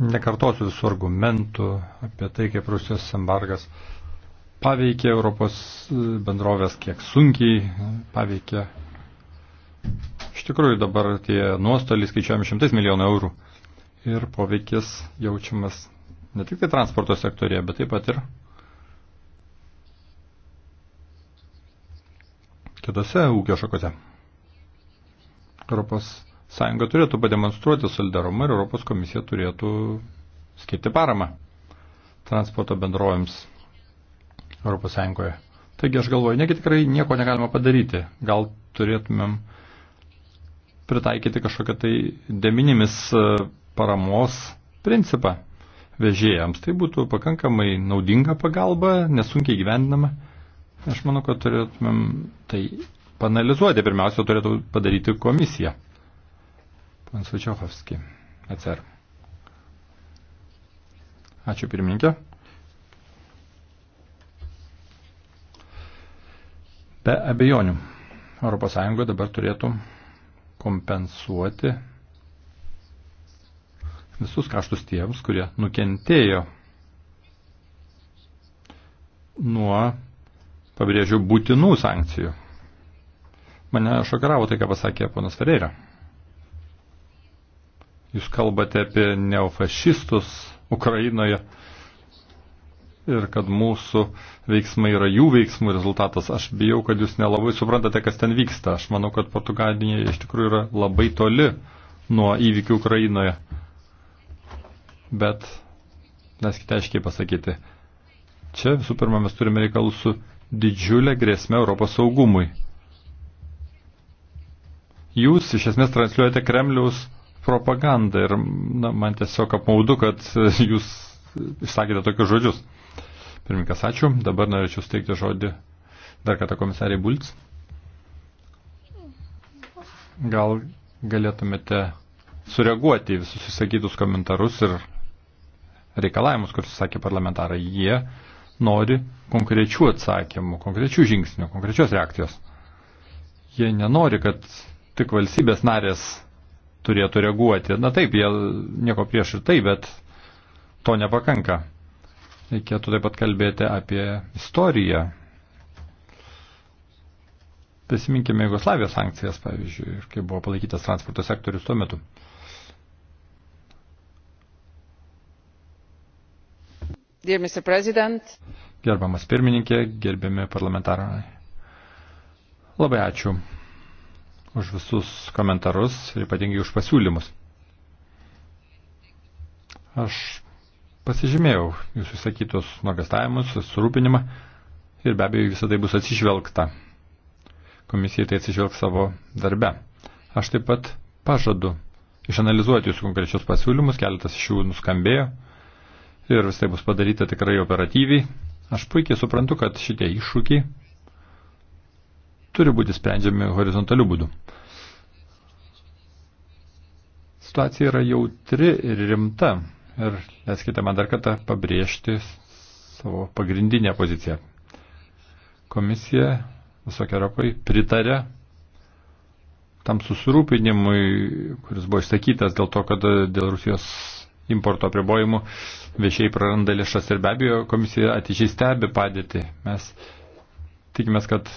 Nekartosiu visų argumentų apie tai, kaip Rusijos embargas paveikė Europos e, bendrovės, kiek sunkiai paveikė. Iš tikrųjų dabar tie nuostoliai skaičiuojami šimtais milijonų eurų ir poveikis jaučiamas ne tik tai transporto sektorėje, bet taip pat ir kitose ūkio šakose. Europos Sąjunga turėtų pademonstruoti solidarumą ir Europos komisija turėtų skirti paramą transporto bendrovėms Europos Sąjungoje. Taigi aš galvoju, negi tikrai nieko negalima padaryti. Gal turėtumėm pritaikyti kažkokią tai deminimis e, paramos principą vežėjams. Tai būtų pakankamai naudinga pagalba, nesunkiai gyvendinama. Aš manau, kad turėtumėm tai panalizuoti. Pirmiausia, turėtų padaryti komisija. Pan Sučiochovski, atsar. Ačiū pirmininkė. Be abejonių, ES dabar turėtų kompensuoti visus kaštus tiems, kurie nukentėjo nuo, pabrėžiu, būtinų sankcijų. Mane šokiravo tai, ką pasakė ponas Ferreira. Jūs kalbate apie neofašistus Ukrainoje ir kad mūsų veiksmai yra jų veiksmų rezultatas. Aš bijau, kad jūs nelabai suprantate, kas ten vyksta. Aš manau, kad Portugalija iš tikrųjų yra labai toli nuo įvykių Ukrainoje. Bet, leiskite aiškiai pasakyti, čia visų pirma mes turime reikalų su didžiulė grėsme Europos saugumui. Jūs iš esmės transliuojate Kremliaus propaganda ir na, man tiesiog apmaudu, kad jūs išsakėte tokius žodžius. Pirmininkas, ačiū. Dabar norėčiau steigti žodį dar kartą komisariai Bulc. Gal galėtumėte sureaguoti į visus įsakytus komentarus ir reikalavimus, kur susakė parlamentarai. Jie nori konkrečių atsakymų, konkrečių žingsnių, konkrečios reakcijos. Jie nenori, kad tik valstybės narės turėtų reaguoti. Na taip, jie nieko prieš ir tai, bet to nepakanka. Reikėtų taip pat kalbėti apie istoriją. Prisiminkime Jugoslavijos sankcijas, pavyzdžiui, ir kaip buvo palaikytas transporto sektorius tuo metu. Gerbamas pirmininkė, gerbiami parlamentarai. Labai ačiū už visus komentarus ir ypatingai už pasiūlymus. Aš pasižymėjau jūsų sakytus nuogastavimus, surūpinimą ir be abejo visą tai bus atsižvelgta. Komisija tai atsižvelg savo darbe. Aš taip pat pažadu išanalizuoti jūsų konkrečius pasiūlymus, keletas iš jų nuskambėjo ir vis tai bus padaryta tikrai operatyviai. Aš puikiai suprantu, kad šitie iššūkiai turi būti sprendžiami horizontaliu būdu. Situacija yra jautri ir rimta. Ir leiskite man dar kartą pabrėžti savo pagrindinę poziciją. Komisija visokiojopai pritarė tam susirūpinimui, kuris buvo išsakytas dėl to, kad dėl Rusijos importo apribojimų viešiai praranda lėšas ir be abejo komisija atidžiai stebi padėtį. Mes tikimės, kad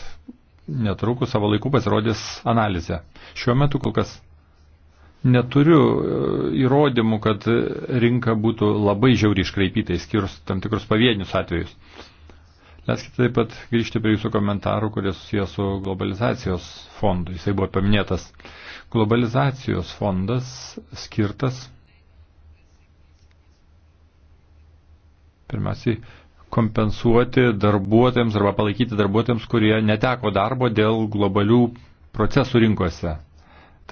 netrukus savo laiku pasirodys analizė. Šiuo metu kol kas neturiu e, įrodymų, kad rinka būtų labai žiauriai iškraipyta, skirus tam tikrus pavienius atvejus. Leiskite taip pat grįžti prie jūsų komentarų, kurie susijęs su globalizacijos fondu. Jisai buvo paminėtas. Globalizacijos fondas skirtas pirmiausiai kompensuoti darbuotojams arba palaikyti darbuotojams, kurie neteko darbo dėl globalių procesų rinkose.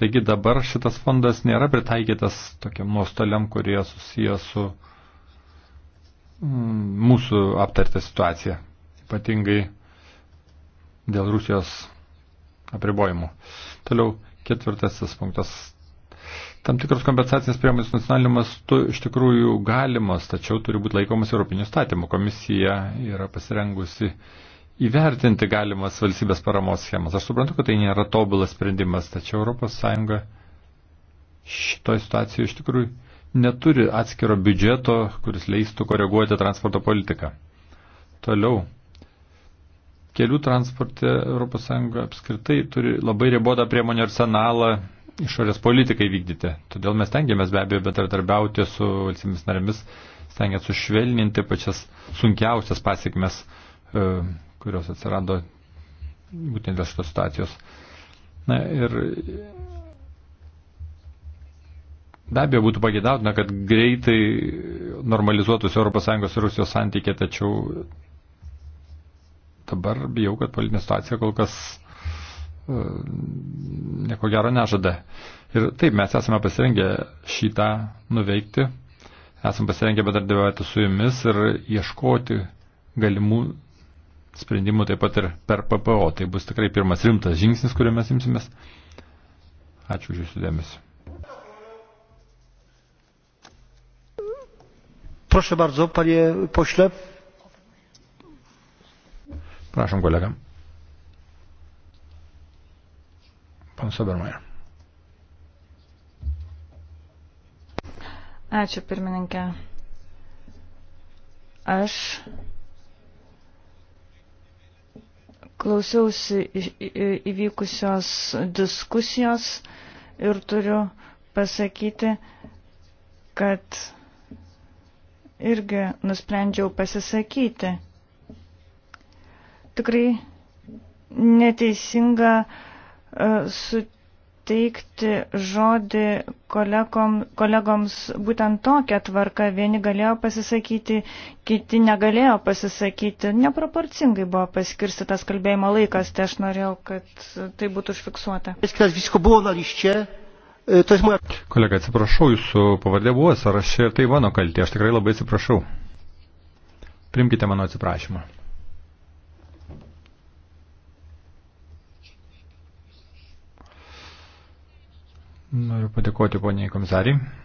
Taigi dabar šitas fondas nėra pritaikytas tokiam nuostoliam, kurie susiję su mm, mūsų aptartą situaciją, ypatingai dėl Rusijos apribojimų. Toliau ketvirtasis punktas Tam tikros kompensacinės priemonės nacionaliniu mastu iš tikrųjų galimos, tačiau turi būti laikomas Europinių statymų. Komisija yra pasirengusi įvertinti galimas valstybės paramos schemas. Aš suprantu, kad tai nėra tobulas sprendimas, tačiau ES šitoje situacijoje iš tikrųjų neturi atskiro biudžeto, kuris leistų koreguoti transporto politiką. Toliau. Kelių transporte ES apskritai turi labai ribotą priemonių arsenalą, išorės politikai vykdyti. Todėl mes tengiamės be abejo bendradarbiauti su valstybėmis narėmis, stengiant sušvelninti pačias sunkiausias pasiekmes, e, kurios atsirado būtent dėl šitos situacijos. Na ir be abejo būtų pagėdautina, kad greitai normalizuotųsi ES ir Rusijos santykiai, tačiau dabar bijau, kad politinė situacija kol kas E, nieko gero nežada. Ir taip, mes esame pasirengę šitą nuveikti, esame pasirengę bedarbiauti su jumis ir ieškoti galimų sprendimų taip pat ir per PPO. Tai bus tikrai pirmas rimtas žingsnis, kuriuo mes imsimės. Ačiū už jūsų dėmesį. Proszę bardzo, panie pośle. Przepraszam kolegę. Pana Sobermaja. Ačiū, pirmininkė. Aš klausiausi įvykusios diskusijos ir turiu pasakyti, kad irgi nusprendžiau pasisakyti. Tikrai neteisinga uh, E, suteikti žodį kolegom, kolegoms būtent tokią tvarką. Vieni galėjo pasisakyti, kiti negalėjo pasisakyti. Neproporcingai buvo paskirstytas kalbėjimo laikas, tai aš norėjau, kad tai būtų užfiksuota. E, Kolega, atsiprašau, jūsų pavardė buvo sąraše ir tai mano kaltė. Aš tikrai labai atsiprašau. Primkite mano atsiprašymą. Noriu padėkoti poniai komisariai.